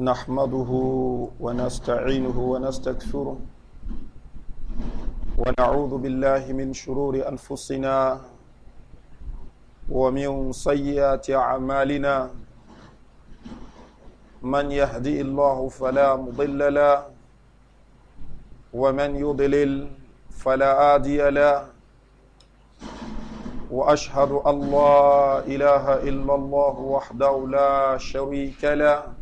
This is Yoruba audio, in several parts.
نحمده ونستعينه ونستكثره ونعوذ بالله من شرور أنفسنا ومن سيئات أعمالنا من يهدي الله فلا مضل له ومن يضلل فلا هادي له واشهد ان لا اله الا الله وحده لا شريك له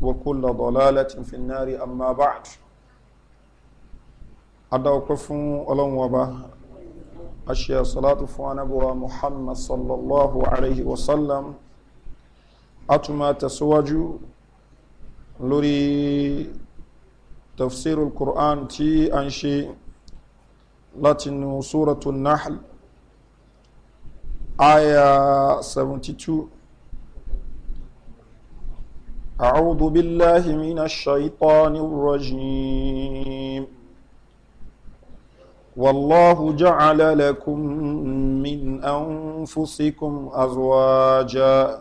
وكل ضلالة في النار أما بعد أدعوكم ألم وبا أشياء صلاة فوانبوا محمد صلى الله عليه وسلم أتما تسواج لوري تفسير القرآن تي أنشي لاتن سورة النحل آية 72 أعوذ بالله من الشيطان الرجيم والله جعل لكم من أنفسكم أزواجا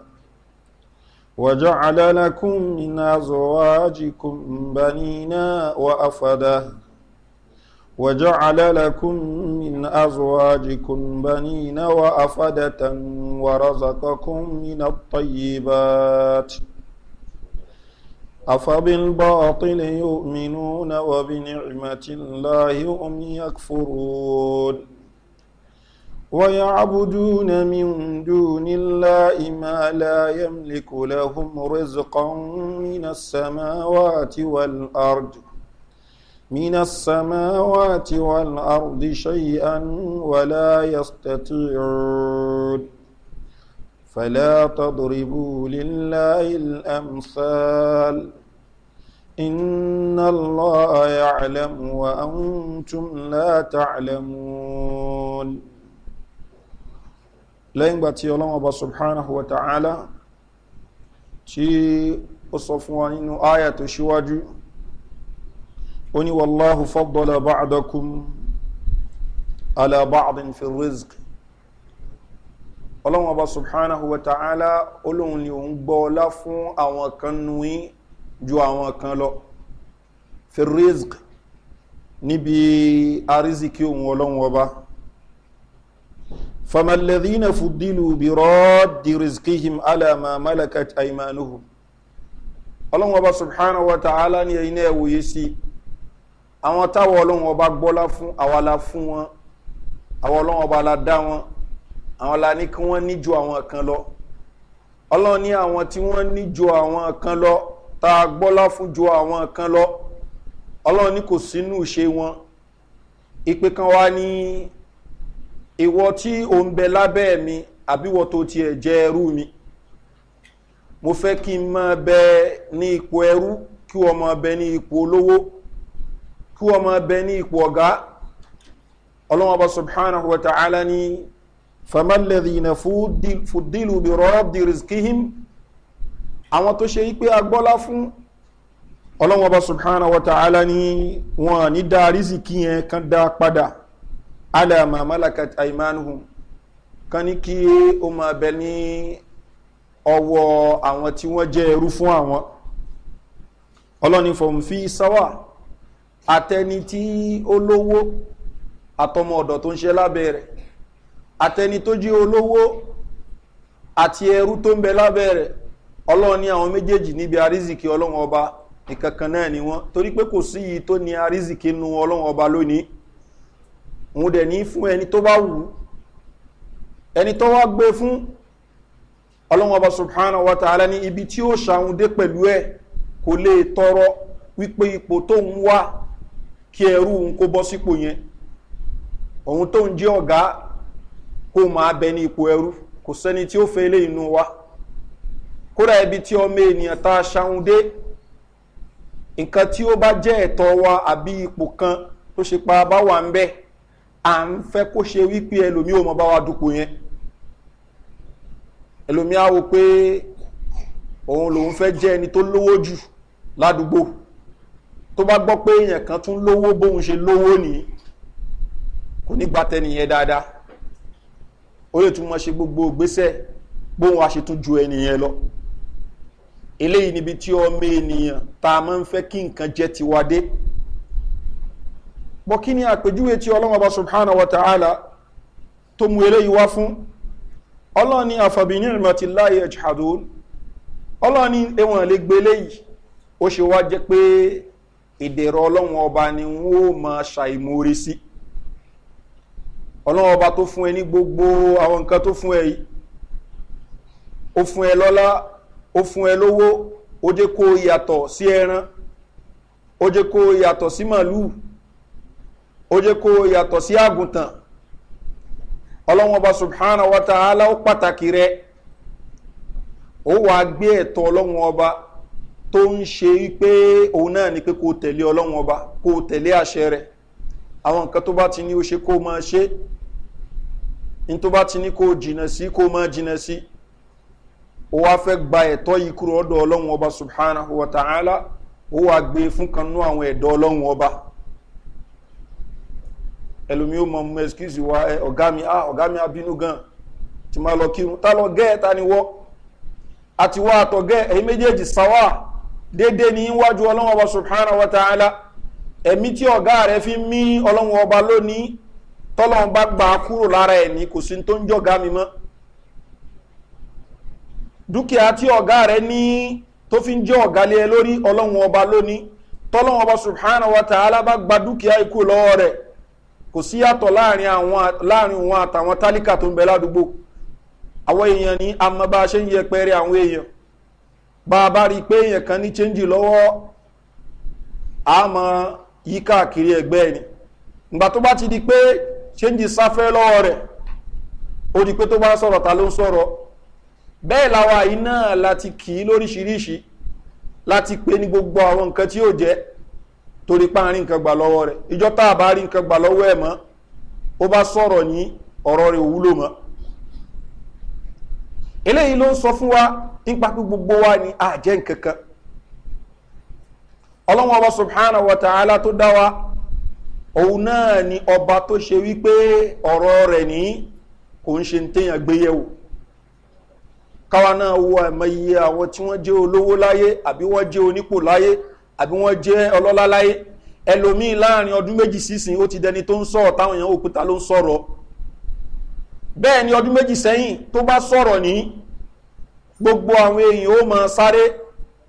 وجعل لكم من أزواجكم بنينا وأفدا وجعل لكم من أزواجكم بنين وأفدة ورزقكم من الطيبات ۖ أفبالباطل يؤمنون وبنعمة الله هم يكفرون ويعبدون من دون الله ما لا يملك لهم رزقا من السماوات والأرض من السماوات والأرض شيئا ولا يستطيعون فلا تضربوا لله الأمثال إن الله يعلم وأنتم لا تعلمون لين باتي الله سبحانه وتعالى تي أصفوان آية شواجو أني والله فضل بعضكم على بعض في الرزق الله سبحانه وتعالى أولون لهم بولا فون أو كنوين ju àwọn kan lọ ferrizq níbi arizikí òun ọlọ́run ọba famalẹ́dínà fùdílù bí rọ́ọ̀dì rizkihim alama malakat aimanuhu ọlọ́run ọba subhanahu wa ta'ala ni ẹ̀yin náà wòye sí àwọn táwọn ọlọ́run ọba gbọ́lá fún àwàlá fún wọn àwọn ọlọ́run ọba la dá wọn àwọn la kí wọ́n níjọ àwọn kan lọ ọlọ́run ní àwọn tí wọ́n níjọ àwọn kan lọ ta a gbọ́lá fún ju àwọn kan lọ ọlọ́run ní kò sínú ṣe wọn ìpè kan wá ní ìwọ tí ò ń bẹ lábẹ́ mi àbíwọ tó jẹ ẹrú mi mo fẹ́ kí n máa bẹ ní ipò ẹrú kí wọ́n máa bẹ ní ipò olówó kí wọ́n máa bẹ ní ipò ọ̀gá ọlọ́run ọba subhanahu wa ta'ala ni famalẹ́dìnnà fúdìlù bí rọ́ọ̀bì rìskìhìm àwọn tó ṣe wípé agbọ́lá fún ọlọ́wọ́n bá subhana wa ta'ala ni wọn ní dá rízìkì yẹn kan dá padà alama malakat aimanuhum kan ní kí ó máa bẹ ní ọwọ́ àwọn tí wọ́n jẹ́ ẹrú fún àwọn ọlọ́ni fọ̀hún fi sáwà àtẹni tí ó lówó àtọmọ ọ̀dọ̀ tó ń ṣe lábẹ́ rẹ̀ àtẹni tó jẹ́ olówó àti ẹrú tó ń bẹ lábẹ́ rẹ̀ ọlọ́run ní àwọn méjèèjì níbi àrízìkì ọlọ́run ọba nìkan kan náà ni wọ́n torí pé kò sí yìí tó ní àrízìkì nu ọlọ́run ọba lónìí òun dẹ̀ ní fún ẹni tó bá wù ẹni tó wá gbé fún ọlọ́run ọba subhanahu wa ta'ala ní ibi tí ó ṣàwọn dé pẹ̀lú ẹ kò lè tọrọ wípé ipò tó ń wá kí ẹrú òun kó bọ́ sípò yẹn òun tó ń jẹ́ ọ̀gá kó máa bẹ ní ipò ẹrú kò sẹ́ni tí ó fẹ́ ilé inú wa kódà ibi tí ọmọ ènìyàn ta ṣahun dé nǹkan tí ó bá jẹ́ ẹ̀tọ́ wa àbí ipò kan tó ṣe pa bá wà ń bẹ́ à ń fẹ́ kó ṣe wípé ẹlòmí ò mọ bá wa dupò yẹn ẹlòmí á wo pé òun lòun fẹ́ jẹ́ ẹni tó lówó jù ládùúgbò tó bá gbọ́ pé èèyàn kan tún lówó bóun ṣe lówó nìyí kò ní gba tẹnìyẹn dáadáa ó lè tún ṣe gbogbo gbésẹ̀ bóun a ṣe tún ju ẹnìyẹn lọ eléyìí níbi tí ọmọ ènìyàn tá a máa ń fẹ́ kí nǹkan jẹ́ tiwa dé bọ́ kí ni àpèjúwe tí ọlọ́wọ́n subhanahu wa ta'ala tó mú eléyìí wá fún ọlọ́ni àfàbíní ìrìnàtí láyé ẹ̀jìhàdùn ọlọ́ni ẹwọ̀n lè gbé eléyìí ó ṣe wá jẹ́ pé ìdèrò ọlọ́wọ́n ọba ni wọ́n máa ṣàìmórí sí ọlọ́wọ́n ọba tó fún ẹ ní gbogbo àwọn nǹkan tó fún ẹ yìí ó fún ẹ lọ́lá ó fún ẹ lówó ó jẹ́ kó yàtọ̀ sí ẹran ó jẹ́ kó yàtọ̀ sí màlúù ó jẹ́ kó yàtọ̀ sí àgùntàn ọlọ́wọ́n bá subhana wa ta'ala ó pàtàkì rẹ ó wà gbé ẹ̀tọ́ ọlọ́wọ́n ọba tó ń ṣe pé òun náà ni pé kó tẹ̀lé ọlọ́wọ́n ọba kó tẹ̀lé àṣẹ rẹ̀ àwọn nǹkan tó bá ti ní ó ṣe kó máa ṣe ní tó bá ti ní kó jìnà sí kó máa jìnà sí. ó wá fẹ́ gba ẹ̀tọ́ yìí kúrò ọ̀dọ̀ ọlọ́run ọba subhana wa ta'ala ó wá gbé e fún kan àwọn ẹ̀dọ́ ọlọ́run ọba ẹlòmí wa mi á ah, ọ̀gá mi á gan ti máa lọ kírun tá lọ gẹ́ ẹ ta ni wọ́ àti wá àtọ̀gẹ́ ẹ̀yin méjèèjì sáwà dédé ní wájú ọlọ́run ọba wa ta'ala ẹ̀mí tí ọ̀gá rẹ̀ fi mí ọlọ́run ọba lónìí tọ́lọ́run bá gbà dúkìá tí ọ̀gá rẹ̀ ní tó fi ń jẹ́ ọ̀gá lé ẹ lórí ọlọ́run ọba lónìí tọ́lọ́run ọba subhanahu wa ta'ala bá gba dúkìá ikú lọ́wọ́ rẹ̀ kò sí yàtọ̀ láàrin òun àtàwọn tálíkà tó ń bẹ ládùúgbò àwọn èèyàn ní àmọ́ bá a ṣe ń yẹpẹrẹ àwọn èèyàn bá a bá rí i pé èèyàn kan ní lọ́wọ́ yí káàkiri ẹgbẹ́ ni ìgbà tó bá bẹ́ẹ̀ làwa yìí náà láti kì í lóríṣiríṣi láti pé ní gbogbo àwọn nǹkan tí yóò jẹ́ torí pa àárín nǹkan gbà lọ́wọ́ rẹ̀ ìjọ tá a bá rí nǹkan gbà lọ́wọ́ ẹ̀ mọ́ ó bá sọ̀rọ̀ ní ọ̀rọ̀ rẹ̀ òwúlò mọ́ eléyìí ló ń sọ fún wa nípa pé gbogbo wa ni àjẹ́ nǹkan kan ọlọ́wọ́n ọba subhanahu wa ta'ala tó dá wa òun náà ni ọba tó ṣe wípé ọ̀rọ̀ rẹ̀ ní kò ń ṣe ń téèyàn gbéyẹ̀wò káwa náà wo àìmọye àwọn tí wọ́n jẹ́ olówó láyé àbí wọ́n jẹ́ onípò láyé àbí wọ́n jẹ́ ọlọ́lá láyé ẹlòmíì láàrin ọdún méjì sísìn ó ti dẹni tó ń sọ̀rọ̀ táwọn èèyàn òkúta ló ń sọ̀rọ̀ bẹ́ẹ̀ ni ọdún méjì sẹ́yìn tó bá sọ̀rọ̀ ní gbogbo àwọn èèyàn ó máa sáré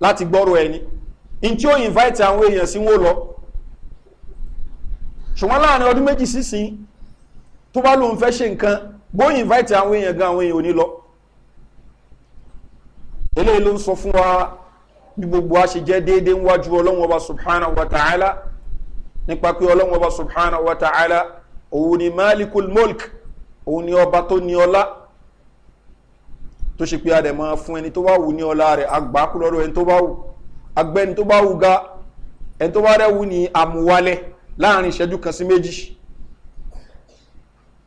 láti gbọ́rọ̀ ẹni in tí ó invite àwọn èèyàn sí wọ́n lọ ṣùgbọ́n láàrin ọdún méjì sísìn tó bá lóun fẹ́ ṣe nǹkan bó invite àwọn èèyàn gan àwọn èèyàn ò ní lọ eléyìí ló ń sọ fún wa bí gbogbo a ṣe jẹ́ déédéé níwájú ọlọ́run ọba subhana wa ta'ala nípa pé ọlọ́run ọba subhana wa ta'ala òun ni malikul mulk òun ni ọba tó ní ọlá tó ṣe pé adẹ̀mọ́ fún ẹni tó bá wù ní ọlá rẹ̀ agbákúlọ́rọ̀ ẹni tó bá wù agbẹ́ni tó bá wù ga ẹni tó bá rẹ̀ wù ní àmúwalẹ̀ láàrin ìṣẹ́jú kan sí méjì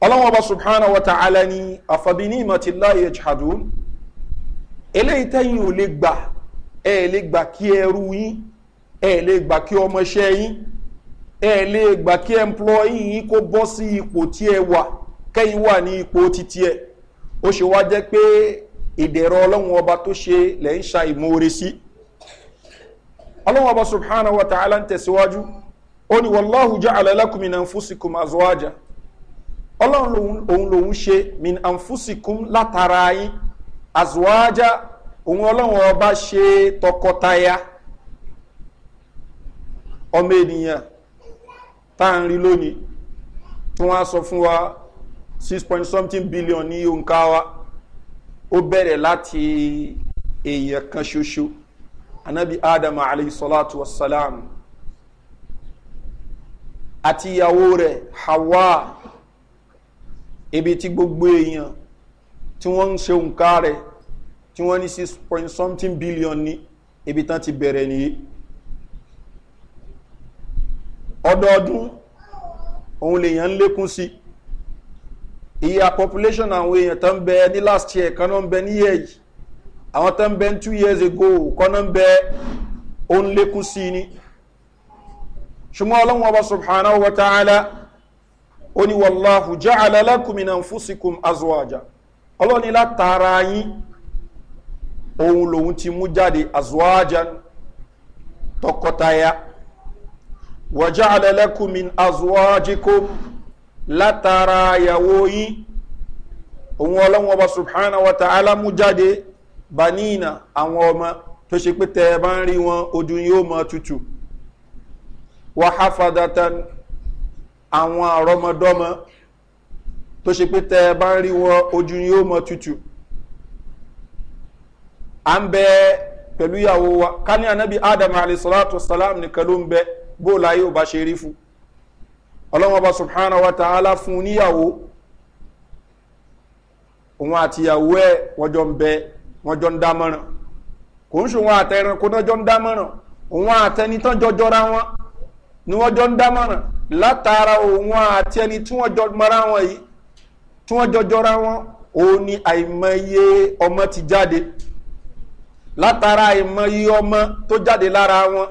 ọlọ́run ọba subhana wa ta'ala ni àfàbí ní ìmọ̀ láyé jihadun eléyìí tẹ́yìn ò lè gbà ẹ lè gbà kí ẹrú yín ẹ lè gbà kí ọmọọṣẹ́ yín ẹ lè gbà kí ẹmplọ́yì yín kó bọ́ sí ipò tí ẹ wà kẹ́yìn wà ní ipò títí ẹ ó ṣe wá jẹ́ pé ìdẹ̀rọ ọlọ́run ọba tó ṣe lẹ́ ń ṣa ìmoore sí ọlọ́run ọba subhana wa ta'ala ń tẹ̀síwájú ó ní wàláhù jẹ́ alẹ́lẹ́kùnmin náà fúsìkùn azọ́ájà ọlọ́run òun lòun ṣe min anfusikum látara yín àzùwájá òun ọlọ́run ọba ṣe tọkọtaya ọmọ ènìyàn tá à ń rí lónìí tí wọ́n á sọ fún wa six billion ní òǹkà ó bẹ̀rẹ̀ láti èèyàn kan ṣoṣo anabi adam alayhi salatu wa salam àti ìyàwó rẹ̀ hawa ibi tí gbogbo èèyàn tí wọ́n ń ṣe òǹkà rẹ̀ tí wọ́n ní six point something billion ní ibi tán ti bẹ̀rẹ̀ nìyí ọdọọdún òun lèèyàn ń lékún sí iye a population àwọn èèyàn tán bẹ ní last year kan náà ń bẹ ní year yìí àwọn tán bẹ ní two years ago kan náà ń bẹ òun lékún sí ni ṣùgbọ́n ọlọ́run ọba subhanahu wa ta'ala ó ní wàlláhu jẹ́ àlàlákùnmí náà fún síkùn azọ́àjà. ọlọ́ni látara yín ohun lòun ti mú jáde azuwajan tọkọtaya wọ̀já alẹ́lẹ́kùnmin azuwajikó látara yàwó yín òun ọlọ́wọ́n ọba subhana wata ta'ala mú jáde banina àwọn ọmọ tó ṣe pé tẹ́ bá ń rí wọn ojú yóò mọ tutù wàhafadatan àwọn tó ṣe pé tẹ́ ẹ bá ń rí wọn ojú yóò mọ tútù à ń bẹ pẹ̀lú ìyàwó wa ká ní anábì adam alayhisalatu salam nìkan ló ń bẹ bóòlù ayé ò bá ṣe rí fún ọlọ́wọ́n bá subhanahu wa ta'ala fún níyàwó òun àti ìyàwó ẹ̀ wọ́n jọ ń bẹ wọ́n jọ ń dámọ̀ràn kò ń ṣòwò àtẹran kó náà jọ ń dámọ̀ràn òun àtẹni tán wọn ni wọ́n jọ ń dámọ̀ràn látara òun àti ẹni tí wọ́n jọ mọ́ra wọn yìí tí wọ́n jọjọra wọn òun ni àìmọye ọmọ ti jáde látara àìmọye ọmọ tó jáde lára wọn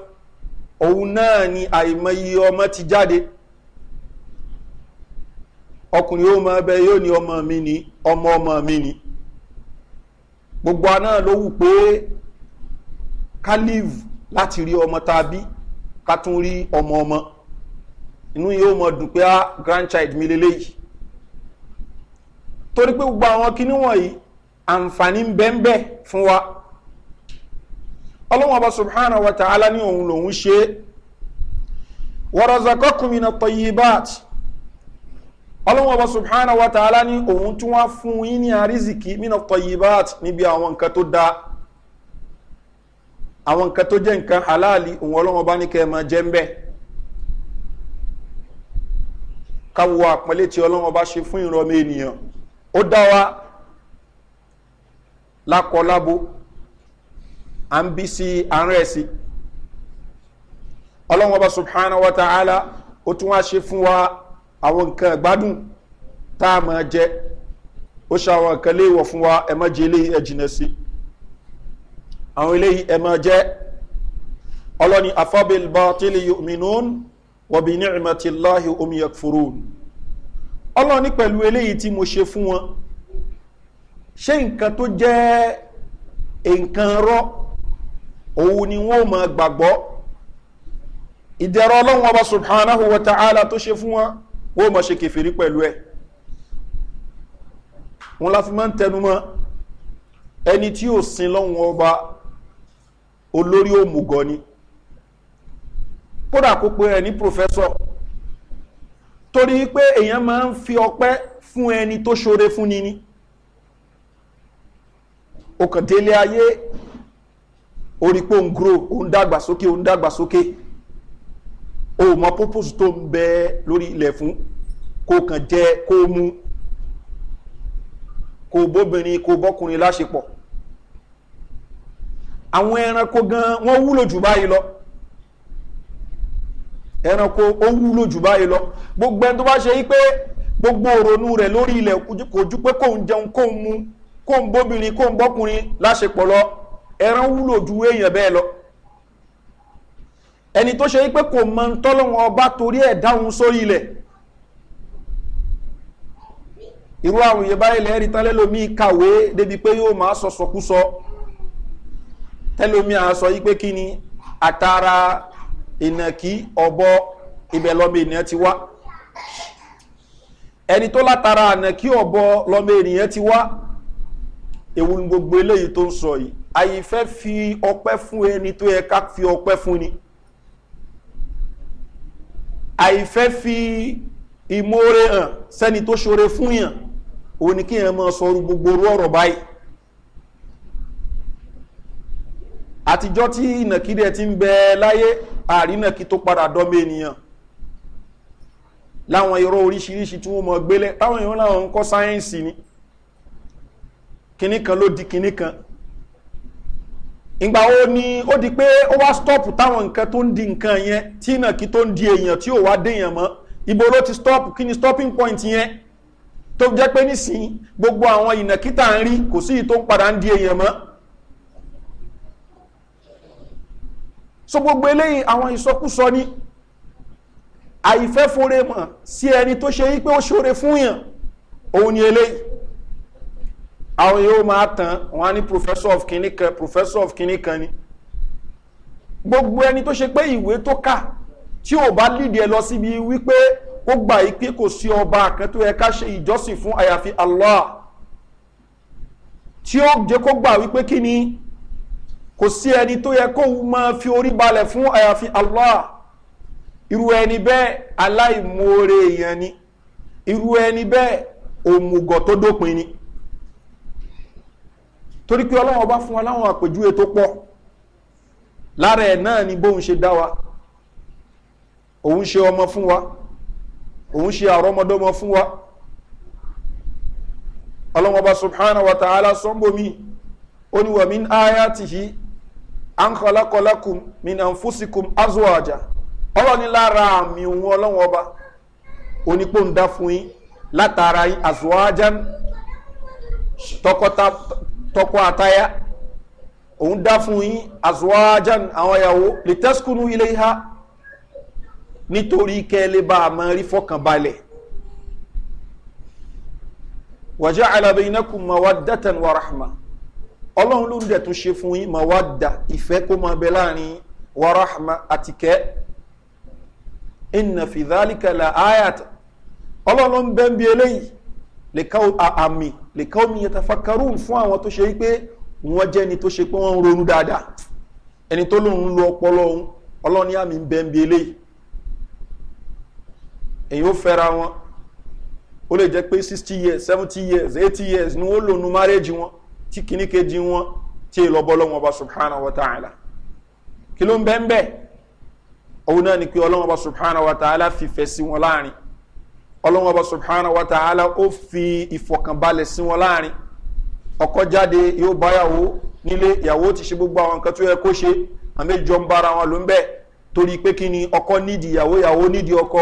òun náà ni àìmọye ọmọ ti jáde ọkùnrin ó mọ ẹbẹ yóò ní ọmọ mi ni ọmọ ọmọ mi ni gbogbo aná ló wù pé kálív láti rí ọmọ tàbí ká tún rí ọmọ ọmọ inú yóò mọ dùn pé á ah, grandchild mi lélẹ́yìí torí pé gbogbo àwọn kíní wọ̀nyí àǹfààní ń bẹ́ ń bẹ́ fún wa ọlọ́wọ́n ọba subhana wa ta'ala ní òun lòun ṣe wọ́rọ̀zakọ́kùnmínà tọ́yìbát ọlọ́wọ́n ọba subhana wa ta'ala ní òun tún wá fún yín ní àrízìkí mínà tọ́yìbát níbi àwọn nǹkan tó da àwọn nǹkan tó jẹ́ nǹkan halali òun ọlọ́wọ́n bá ní kẹ́ ẹ máa jẹ́ ń bẹ́ẹ̀ káwọ àpọ́nlé tí ọlọ́wọ́n bá ṣe fún ìrọmọ ènìyàn ó dá wa lákọ lábo à ń bí sí àárẹ̀ sí ọlọ́run ọba subhanahu wa ta'ala ó tún wá ṣe fún wa àwọn nǹkan ìgbádùn tá a máa jẹ ó ṣe àwọn nǹkan léèwọ̀ fún wa ẹ má jẹ eléyìí sí àwọn eléyìí ẹ má ọlọ́ni afọ́bìlbọ́ tílì yóò mìíràn wọ̀bí ní ìmọ̀tí omi yẹ ọlọ́run ní pẹ̀lú eléyìí tí mo ṣe fún wọn ṣé nǹkan tó jẹ́ nǹkan rọ́ òun ni wọ́n mọ̀ gbàgbọ́ ìdẹ̀rọ ọlọ́run ọba subhanahu wa ta'ala tó ṣe fún wọn wọ́n mọ̀ ṣe kẹfìrí pẹ̀lú ẹ̀ wọn la fi máa ń tẹnumọ́ ẹni tí ò sin lọ́run ọba olórí òmùgọ̀ ni kódà kó pe ẹ ní pòfẹ́sọ̀ torí pé èèyàn máa ń fi ọpẹ́ fún ẹni tó ṣoore fún ni ni ọkàn ayé orí pé òun grow òun dàgbà sókè òun dàgbà sókè o mọ purpose tó ń bẹ lórí ilẹ̀ fún kó kàn jẹ kó mu kó bóbìnrin kó bọ́kùnrin láṣepọ̀ àwọn ẹranko gan wọ́n wúlò jù báyìí lọ ẹranko ó wúlò jù báyìí lọ gbogbo ẹni tó bá ṣe yí pé gbogbo òrònú rẹ̀ lórí ilẹ̀ kò ju pé kóun jẹun kóun mu kóun bóbìnrin kóun bọ́kùnrin láṣepọ̀ lọ ẹran wúlò ju èèyàn bẹ́ẹ̀ lọ ẹni tó ṣe yí pé kò mọ tọ́lọ́wọ́n ọba torí ẹ̀ dáhùn sórí ilẹ̀ irú àwọn èèyàn báyìí lẹ́rìí tán lẹ́lòmí kàwé débi pé yóò máa sọ sọkúsọ tẹ́lòmí àá sọ yí pé kí ni àtàrà ìnàkí ọ̀bọ ibẹ̀ lọ́mọ ènìyàn ti wá ẹni tó látara ànàkí ọ̀bọ lọ́mọ ènìyàn ti wá ewu ni gbogbo eléyìí tó ń sọ yìí àyè fẹ́ fi ọpẹ́ fún ẹni tó yẹ ká fi ọpẹ́ fún ni àyè fẹ́ fi ìmoore hàn sẹ́ni tó ṣoore fún yàn òun ni kí yẹn máa sọ gbogbo orú ọ̀rọ̀ báyìí àtijọ́ tí ìnàkídẹ̀ ti ń bẹ láyé àrínàkí tó padà dọ́mọ ènìyàn láwọn irọ́ oríṣiríṣi tí wọ́n mọ̀ gbélé táwọn èèyàn láwọn ń kọ́ sáyẹ́ǹsì ni kìnníkan ló di kìnníkan ìgbà wo ni ó di pé ó wá stọ́ọ̀pù táwọn nǹkan tó ń di nǹkan yẹn tí ìnàkí tó ń di èèyàn tí ò wá déèyàn mọ́ ibo ló ti stọ́ọ̀pù kí ni stopping point yẹn tó jẹ́ pé nísìnyí gbogbo àwọn ìnàkí tá à ń rí kò sí tó ń padà ń di èèyàn mọ́ so gbogbo eléyìí àwọn ìsọkúsọ ni àìfẹ́ fore mọ̀ sí ẹni tó ṣe wípé ó ṣore fún yàn òun ni eléyìí àwọn yóò máa tán wọn á ní professor of kinní kan professor of kinní kan ni gbogbo ẹni tó ṣe pé ìwé tó kà tí ò bá lídìí ẹ lọ síbi wípé ó gbà yí pé kò sí ọba kan tó yẹ ká ṣe ìjọsìn fún àyàfi allah tí ó jẹ́ kó gbà wípé kí ni kò sí ẹni tó yẹ kóhun máa fi orí balẹ̀ fún àyàfi allah irú ẹni bẹ́ẹ̀ aláìmoore èèyàn ni irú ẹni bẹ́ẹ̀ òmùgọ̀ tó dópin ni torí pé ọlọ́wọ́ bá fún wa láwọn àpèjúwe tó pọ̀ lára ẹ̀ náà ni bóun ṣe dá wa òun ṣe ọmọ fún wa òun ṣe àrọ́mọdọ́mọ fún wa ọlọ́wọ́ bá subhanahu wa ta'ala sọ́nbómi ó ní wàmí áyá tìhí ankọlákọlákùn mina fúsìkùn azuwaja ọlọ́run ní lára àmì òun ọlọ́run ọba onípò ń dá fún yín látara yín azuwaja tọkọ àtayá òun dá fún yín azuwaja àwọn ìyàwó lè tẹ́sùkúnú ilé ha nítorí kẹ́lẹ́ bá fọkànbalẹ̀ wàjá alábẹ́yìnàkùn mawadatan wa rahma ọlọ́run ló ń dẹ̀ tó ṣe fún yín máa wá da ìfẹ́ kó máa bẹ láàrin warahma àti kẹ́ ìnà fìdálíkà la ayat ọlọ́run ń bẹ́ ń bi eléyìí àmì lè ká omi yẹn tafakarú fún àwọn tó ṣe wípé wọ́n jẹ́ ni tó ṣe pé wọ́n ronú dáadáa ẹni tó lóun lo ọpọlọ òun ọlọ́run ní àmì ń bẹ́ ń bi eléyìí èyí ó fẹ́ra wọn ó lè jẹ́ pé sixty years seventy years eighty years ni wọ́n lò nu márẹ́jì wọn tí kìíní kejì wọn tí ì lọ́bọ́ lọ́wọ́ ọba subhana wa ta'ala kí ló ń bẹ́ ń bẹ́ ba subhana wa ta'ala fìfẹ́ sí wọn láàrin ọlọ́wọ́ ọba subhana wa ta'ala ó fi ìfọ̀kànbalẹ̀ sí wọn láàrin ọkọ jáde yóò báyàwó nílé ìyàwó ti ṣe gbogbo àwọn nǹkan tó yẹ kó ṣe àmì ìjọ ń bára wọn ló ń bẹ torí pé kí ni nídìí ìyàwó ìyàwó nídìí ọkọ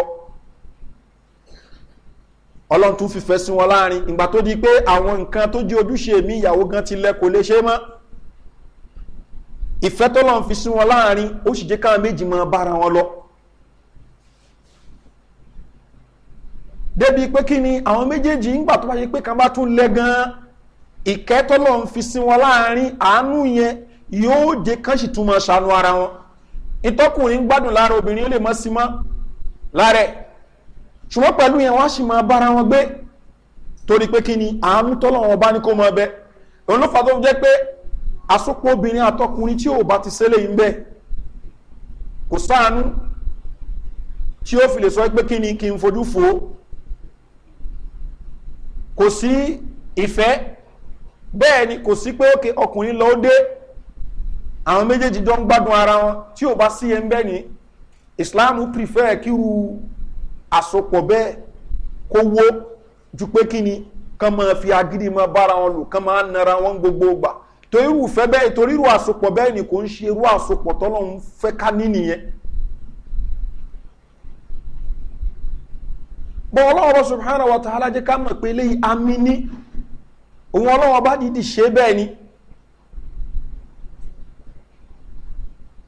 ọlọ́run tún fìfẹ́ sí wọn láàrin ìgbà tó di pé àwọn nǹkan tó jẹ́ ojúṣe mi ìyàwó gan ti lẹ kò lè ṣe mọ́ ìfẹ́ tó lọ́n fi sí wọn láàrin ó sì jẹ́ káwọn méjì mọ́ bára wọn lọ. débi pé kí ni àwọn méjèèjì ńgbà tó bá yẹ pé kan bá tún lẹ gan ìkẹ́ tó lọ́n fi sí wọn láàrin àánú yẹn yóò jẹ́ kán sì tún mọ́ ṣàánú ara wọn ìtọ́kùnrin gbádùn lára obìnrin ó lè mọ́ sí mọ́ lára ẹ̀ ṣùgbọ́n pẹ̀lú yẹn wọ́n á sì máa bára wọn gbé torí pé kí ni àánú tọ́lọ́wọ́n bá ní kó mọ ọbẹ̀ òun ló fà tó jẹ́ pé àsopọ̀ obìnrin àtọkùnrin tí ò bá ti sẹ́lẹ̀ yìí ń bẹ̀ kò sáànú tí ó fi lè sọ pé kí ni kí n fojú fo kò sí ìfẹ́ bẹ́ẹ̀ ni kò sí pé òkè ọkùnrin lọ dé àwọn méjèèjì jọ ń gbádùn ara wọn tí ò bá sí ẹ ń ni islam prefer kíru àsopọ̀ bẹ́ẹ̀ kó wó ju pé kí ni kán máa fi agídí máa bára wọn lò kán máa nara wọn gbogbo gbà tó irú fẹ́ bẹ́ẹ̀ torí irú àsopọ̀ bẹ́ẹ̀ ni kò ń ṣe irú àsopọ̀ tọ́lọ́hún fẹ́ ká ní nìyẹn. bọ́ ọlọ́wọ́ bá subhanahu wa ta'ala jẹ́ ká mọ̀ pé eléyìí amí ní òun ọlọ́wọ́ bá dìdí ṣe bẹ́ẹ̀ ni.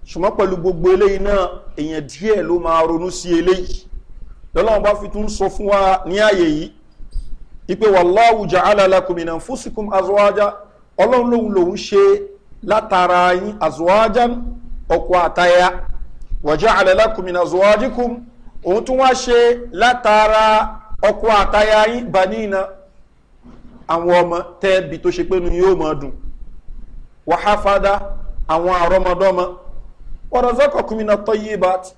ṣùgbọ́n pẹ̀lú gbogbo eléyìí náà èèyàn díẹ̀ ló máa ronú sí eléyìí lọ́lọ́run bá fi tún sọ fún wa ní ààyè yìí ipe wàláwù jà alàlàkùnmìnà fúsìkùn azọ́ájá ọlọ́run lòun lòun ṣe látara yín azọ́ájá ọkọ̀ àtayá wàjá alàlàkùnmìnà azọ́ájíkùn òun tún wá ṣe látara ọkọ̀ àtayá yín banina àwọn ọmọ tẹ́ẹ̀bì tó ṣe pé yóò mọ̀ dùn wàháfádá àwọn àrọ́mọdọ́mọ wọ́n rọ̀ zọ́kọ̀kùnmìnà tọ́yé bàtì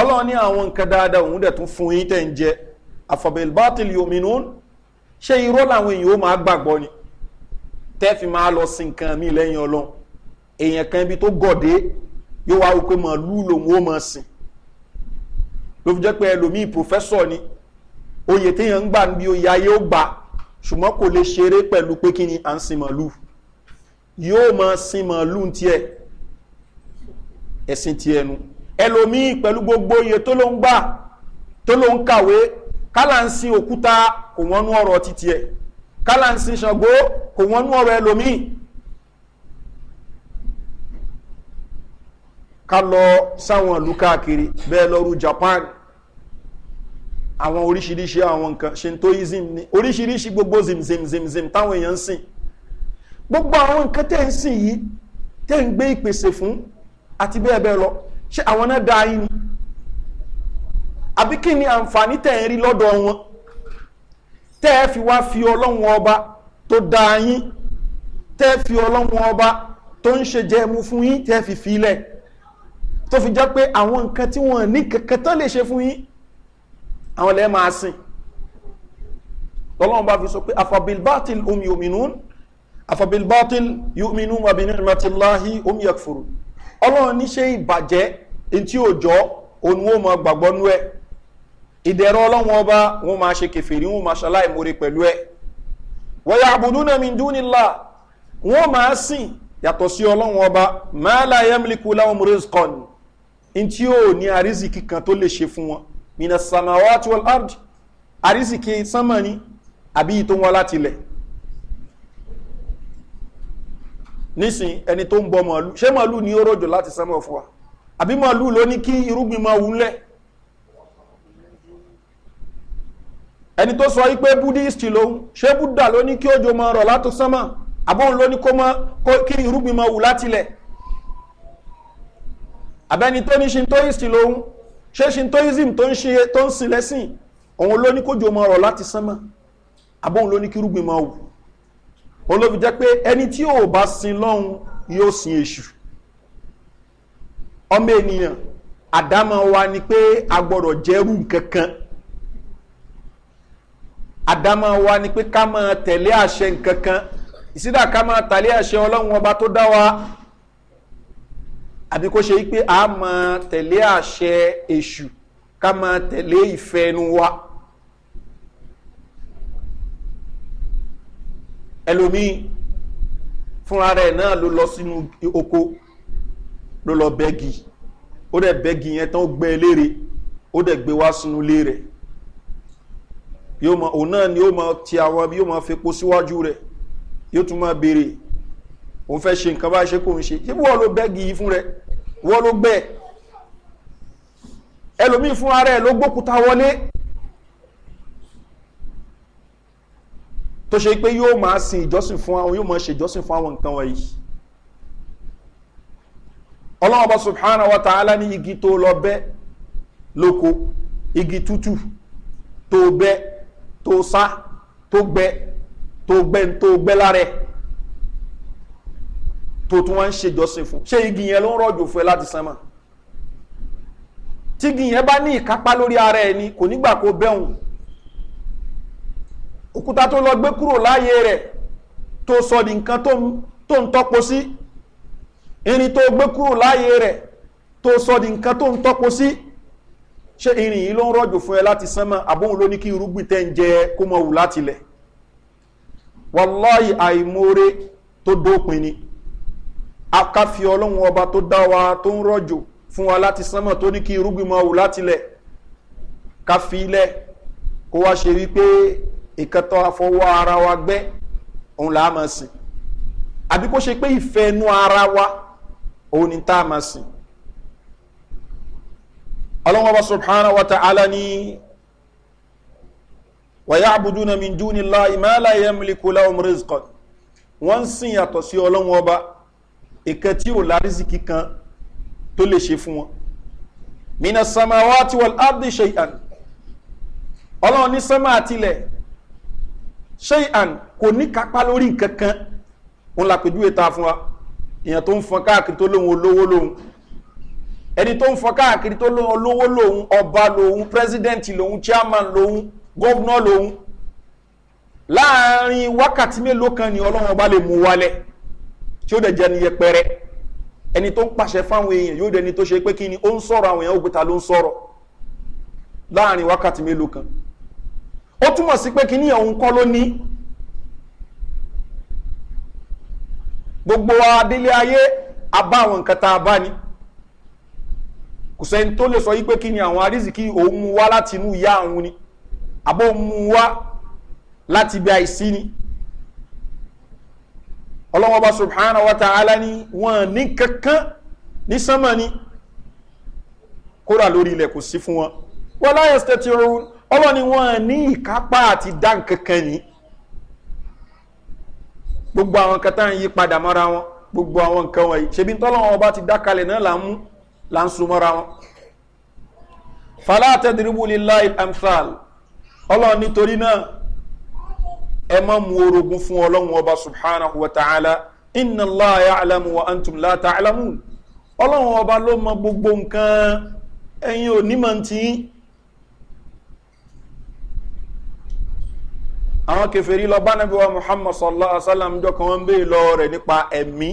ọlọ́run àwọn nǹkan dáadáa òun dẹ̀ tún fún yín tẹ̀ ń jẹ àfọ̀bẹ̀lbátìl yomínú ṣé irọ́ làwọn èèyàn ó máa gbàgbọ́ ni tẹ́ẹ̀fì máa lọ sí nǹkan mi lẹ́yìn ọlọ́run èèyàn kan ibi tó gọ̀dé yóò wá wípé mọ̀ lú lòun ó mọ̀ sìn ló fi jẹ́ pé ẹlòmíì pòfẹ́sọ̀ ni oyè téèyàn ń gbà níbi oyè ayé ó gbà ṣùgbọ́n kò lè ṣeré pẹ̀lú pé kí ni à ń sin màálù yóò mọ̀ sin màálù tiẹ̀ ẹ̀sìn tiẹ̀ nu ẹlòmíì pẹ̀lú gbogbo iye tó ló ń gbà tó ló ń kàwé kálàǹsì òkúta kò wọ́nú ọ̀rọ̀ títí ẹ̀ kálàǹsì ṣàngó kò wọ́nú ọ̀rọ̀ ẹlòmíì ká lọ sáwọn ìlú káàkiri bẹ́ẹ̀ lọ́rú japan àwọn oríṣiríṣi àwọn nǹkan shintoism ni oríṣiríṣi gbogbo zimzimzimzim táwọn èèyàn ń sìn gbogbo àwọn nǹkan tẹ́ ń sìn yìí tẹ́ ń gbé ìpèsè fún àti bẹ́ẹ̀ bẹ́ẹ̀ lọ ṣé àwọn náà da yín ni àbí kí ni àǹfààní tẹ̀ ń rí lọ́dọ̀ wọn tẹ́ ẹ fi wá fi ọlọ́run ọba tó da yín tẹ́ ẹ fi ọlọ́run ọba tó ń ṣe jẹ́ mu fún yín tẹ́ ẹ fi filẹ̀ tó fi jẹ́ pé àwọn nǹkan tí wọ́n ní kankan tán lè ṣe fún yín àwọn lẹ́ẹ̀ máa sìn lọ́lọ́run bá fi sọ pé afabilbatil omi ominun afabilbatil yominun wabinirmatilahi omi yakfuru ọlọ́run ní ṣe ìbàjẹ́ ntí òjọ́ òun wọn máa gbàgbọ́ nú ẹ ìdẹ̀rọ ọlọ́wọ́n ọba wọn máa ṣe kẹfẹ́rí wọn máa ṣaláì mórí pẹ̀lú ẹ wọ́yà àbùdúnà mi dúnilá wọn máa sìn yàtọ̀ sí ọlọ́wọ́n ọba máa láyé mílíkù láwọn mùrẹ́sìkọ́n ntí ò ní àrísìkì kan tó lè ṣe fún wọn mina samawa tí wọn ard àrísìkì sánmà àbí ìtò wọn láti lẹ̀ nísìn ẹni tó ń bọ màálù ṣé màálù ní ó rọ̀jò láti sánmà fún wa àbí màálù ló ní kí irúgbìn máa wù ńlẹ̀ ẹni tó sọ wípé buddhist lòun ṣé buddha ló ní kí òjò máa rọ̀ látò sánmà àbóhùn ló ní kí irúgbìn máa wù látilẹ̀ àbẹ́ni tó ní shintoist lòun ṣé shintoism tó ń sin lẹ́sìn òun ló ní kójò máa rọ̀ láti sánmà àbóhùn ló ní kí irúgbìn máa wù olóbi jẹ́ pé ẹni tí ò bá sin lọ́hun yóò sin èṣù ọmọ ènìyàn àdámọ̀ wa ni pé a gbọ́dọ̀ jẹ́rú nkankan àdámọ̀ wa ni pé ká máa tẹ̀lé àṣẹ nkankan ìsídà ká máa tẹ̀lé àṣẹ ọlọ́run ọba tó dá wa àbí kó ṣe pé a máa tẹ̀lé àṣẹ èṣù ká máa tẹ̀lé ìfẹ́ ẹnu wa. ẹlòmíì fúnra rẹ̀ náà ló lọ sínú oko ló lọ bẹ́gì ó dẹ̀ bẹ́gì yẹn tán gbẹ́ elére ó dẹ̀ gbé wá sínú ilé yóò náà ni yóò mọ ti àwọn yóò mọ fepo síwájú rẹ̀ yóò tún máa béèrè òun fẹ́ ṣe nǹkan bá ṣe kò ń ṣe ṣé wọ́n ló bẹ́gì yìí fún rẹ̀ wọ́n ló gbẹ́ ẹlòmíì fún ara ẹ̀ ló gbókúta wọlé tó ṣe pé yóò máa sin ìjọsìn fún àwọn yóò máa ṣèjọsìn fún àwọn nǹkan wọ̀nyí ọlọ́wọ́n bá subhanahu wa ta'ala ní igi tó lọ bẹ́ lóko igi tútù tó bẹ tó sá tó gbẹ tó gbẹ tó gbẹ lára ẹ̀ tó tún wá ń ṣe jọ́sìn fún ṣé igi yẹn ló ń rọ̀jò fún ẹ láti sánmà tí igi yẹn bá ní ìkápá lórí ara ẹ ni kò nígbà kó bẹ́hùn òkúta tó lọ gbé kúrò láàyè rẹ̀ tó sọ di tó ń tọ́po sí. Si irin tó gbé kúrò láàyè rẹ̀ tó sọ di nǹkan tó ń tọ́po sí ṣé irin yìí ló ń rọ̀jò fún ẹ láti sánmọ́ àbóhun ló ní kí irúgbìn tẹ́ ń jẹ kó mọ̀ wù láti lẹ̀ wàláyì àìmoore tó dópin ni akáfi ọlọ́run ọba tó dá wa tó ń rọ̀jò fún wa láti sánmọ̀ tó ní kí irúgbìn mọ̀ wù láti lẹ̀ káfi ilẹ̀ kó wá ṣe wípé ìkẹtọ́ afọwọ́ ara wa gbẹ́ òun làá mọ̀ sí àbí kó ṣe pé ìfẹ́ inú ara wa òun ni tá a máa sìn ọlọ́wọ́n bá subhana wa ta'ala ni wàyà àbùdúnà mi dúni láì máa láyé mílíkù láwọn rìzkọ̀ wọ́n ń sìn yàtọ̀ sí ọlọ́wọ́n ọba ìkẹ́ tí ò lárísìkì kan tó lè ṣe fún wọn mina samawa ti wọ́n ábdì ṣe ọlọ́wọ́n ní sẹ́mà àtìlẹ̀ ṣe kò ní kápá lórí nǹkan òun làpèjúwe ta fún wa èèyàn tó ń fọn káàkiri tó lóun olówó lòun ẹni tó ń fọn káàkiri tó lóun olówó lòun ọba lòun pírẹsidẹ́ǹtì lòun chairman lòun gómìnà lòun láàrin wákàtí mélòó kan ni ọlọ́run ọba lè mú wálẹ̀ tí ó dẹ̀ jẹ́ ni yẹpẹrẹ ẹni tó ń pàṣẹ fáwọn èèyàn yóò dẹni tó ṣe pé kí ni ó ń sọ̀rọ̀ àwọn èèyàn ògbéta ló ń sọ̀rọ̀ láàrin wákàtí mélòó kan ó túmọ̀ sí pé kí ni òun kọ́ ló ní gbogbo adélé ayé abá àwọn nǹkan tá a bá ni kò sẹ́ni tó lè sọ yí pé kí ni àwọn arísìkí òun mu wá láti inú ìyá àwọn ni àbó mu wá láti ibi àìsí ni ọlọ́wọ́n bá subhana wa ta'ala ni wọ́n ní kankan ní sánmà ni kódà lórí ilẹ̀ kò sí fún wọn wọ́n láyẹ̀ stẹ́tì ọlọ́ni wọ́n ní ìkápá àti dá nkankan ni. Wala gbogbo àwọn kan tá à ń yí padà mọ́ra wọn gbogbo àwọn nǹkan wọ̀nyí ṣebí tọ́lọ́wọ́n ọba ti dákalẹ̀ náà là ń mú là ń sun mọ́ra wọn. fàlà àtẹ̀dìrúbùlì láì amsal ọlọ́run nítorí náà ẹ má mu orogún fún ọlọ́run ọba subhanahu wa ta'ala inna allah ya'lamu wa antum la ta'lamun ọlọ́run ọba ló mọ gbogbo nǹkan ẹ̀yin ò ní mọ̀ ní tiyín àwọn kẹfẹ́rí lọ bánabi wa muhammad sallallahu alaihi wa sallam jọ kan wọ́n bẹ́ẹ̀ lọ rẹ̀ nípa ẹ̀mí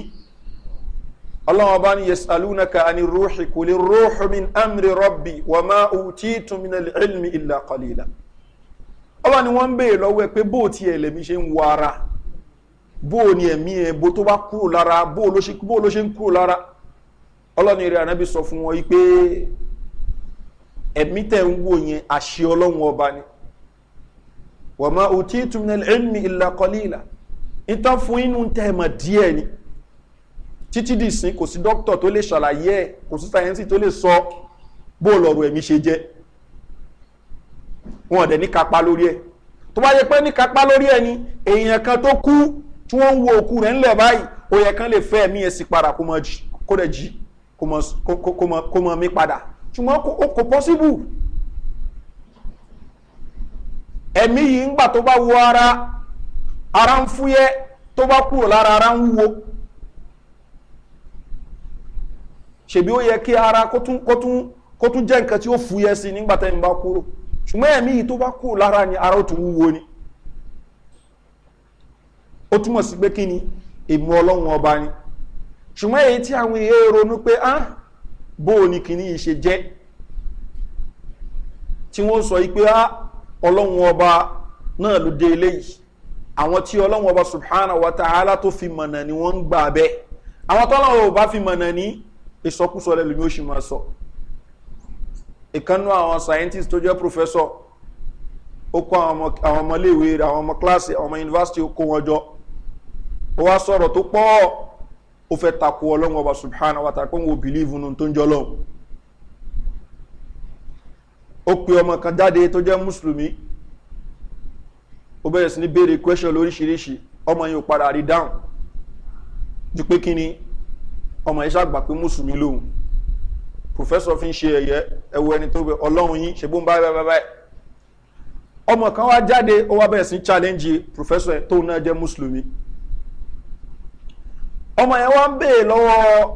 ọlọ́wọ́n bá ní yasaluna ka ani ruuxi kuli ruuxu min amri rabbi wa ma utiitu min alilmi illa qalila ọlọ́wọ́n ni wọ́n bẹ́ẹ̀ lọ́wọ́ ẹ pé bó tiẹ̀ lẹ́mí ṣe ń wara bó ni ẹ̀mí ẹ bó tó bá kúrò lára bó ló ṣe ń kúrò lára ọlọ́ni rẹ̀ ànábì sọ fún wọn yìí pé ẹ̀mí tẹ̀ ń wò yẹn àṣẹ ọlọ́run ọba ni wọ́n máa òtí ìtumọ̀ ẹ̀mí ìlà kọ́lí ìlà ìtàn fún inú tẹ́ ẹ̀ mọ̀ díẹ̀ ni títí dì sí kò sí dókítà tó lè ṣàlàyé ẹ̀ kò sí sáyẹ́nsì tó lè sọ bó lọ́rọ̀ ẹ̀mí ṣe jẹ́ wọn dẹ̀ ní kápá lórí ẹ̀ tó bá yẹ pé ní kápá lórí ẹ̀ ni èèyàn kan tó kú tí wọ́n ń wo òkú rẹ̀ ńlẹ̀ báyìí ó yẹ lè fẹ́ ẹ̀mí ẹ̀ sí padà kó mọ̀ mí padà ṣùgbọ́n kò possible ẹ̀mí yìí ńgbà tó bá wo ara ara ń fúyẹ́ tó bá kúrò lára ara ń wúwo ṣèbí ó yẹ kí ara kó tún kó tún kó tún jẹ́ nǹkan tí ó fúyẹ́ sí nígbà tẹ́mi bá kúrò ṣùgbọ́n ẹ̀mí yìí tó bá kúrò lára ni ara ó tún wúwo ni ó túmọ̀ sí pé kí ni èmi ọlọ́run ọba ni ṣùgbọ́n èyí tí àwọn èèyàn ronú pé ah bó o ní kìíní yìí ṣe jẹ́ tí wọ́n sọ yìí pé ah ọlọ́run ọba náà ló dé eléyìí àwọn tí ọlọ́run ọba subhana wa ta'ala tó fi mọ̀nà ni wọ́n ń gbà bẹ́ẹ̀ àwọn tọ́lọ́run ọba fi mọ̀nà ní ìsọkúsọ lẹ́lùmí ó sì máa sọ ìkànnú àwọn scientist tó jẹ́ professor ó kó àwọn ọmọléèwé rẹ̀ àwọn ọmọ kíláàsì àwọn ọmọ yunifásitì ó kó wọn jọ ó wá sọ̀rọ̀ tó pọ̀ ó fẹ́ takò ọlọ́run ọba subhana wa ta'ala pé wọn ò bìlíìfù nù tó ń jọ lọ́hùn ó pe ọmọ kan jáde tó jẹ́ mùsùlùmí ó bẹ̀rẹ̀ sí ní béèrè question lóríṣiríṣi ọmọ yìí ò padà rí dáhùn ju pé kí ni ọmọ yìí ṣàgbà pé mùsùlùmí lòun professor fi ń ṣe ẹ̀yẹ ẹ̀wọ ẹni tó bẹ ọlọ́run yín ṣe bó ń báyìí báyìí báyìí ọmọ kan wá jáde ó wá bẹ̀rẹ̀ sí challenge professor tóun náà jẹ́ mùsùlùmí ọmọ yẹn wá ń béè lọ́wọ́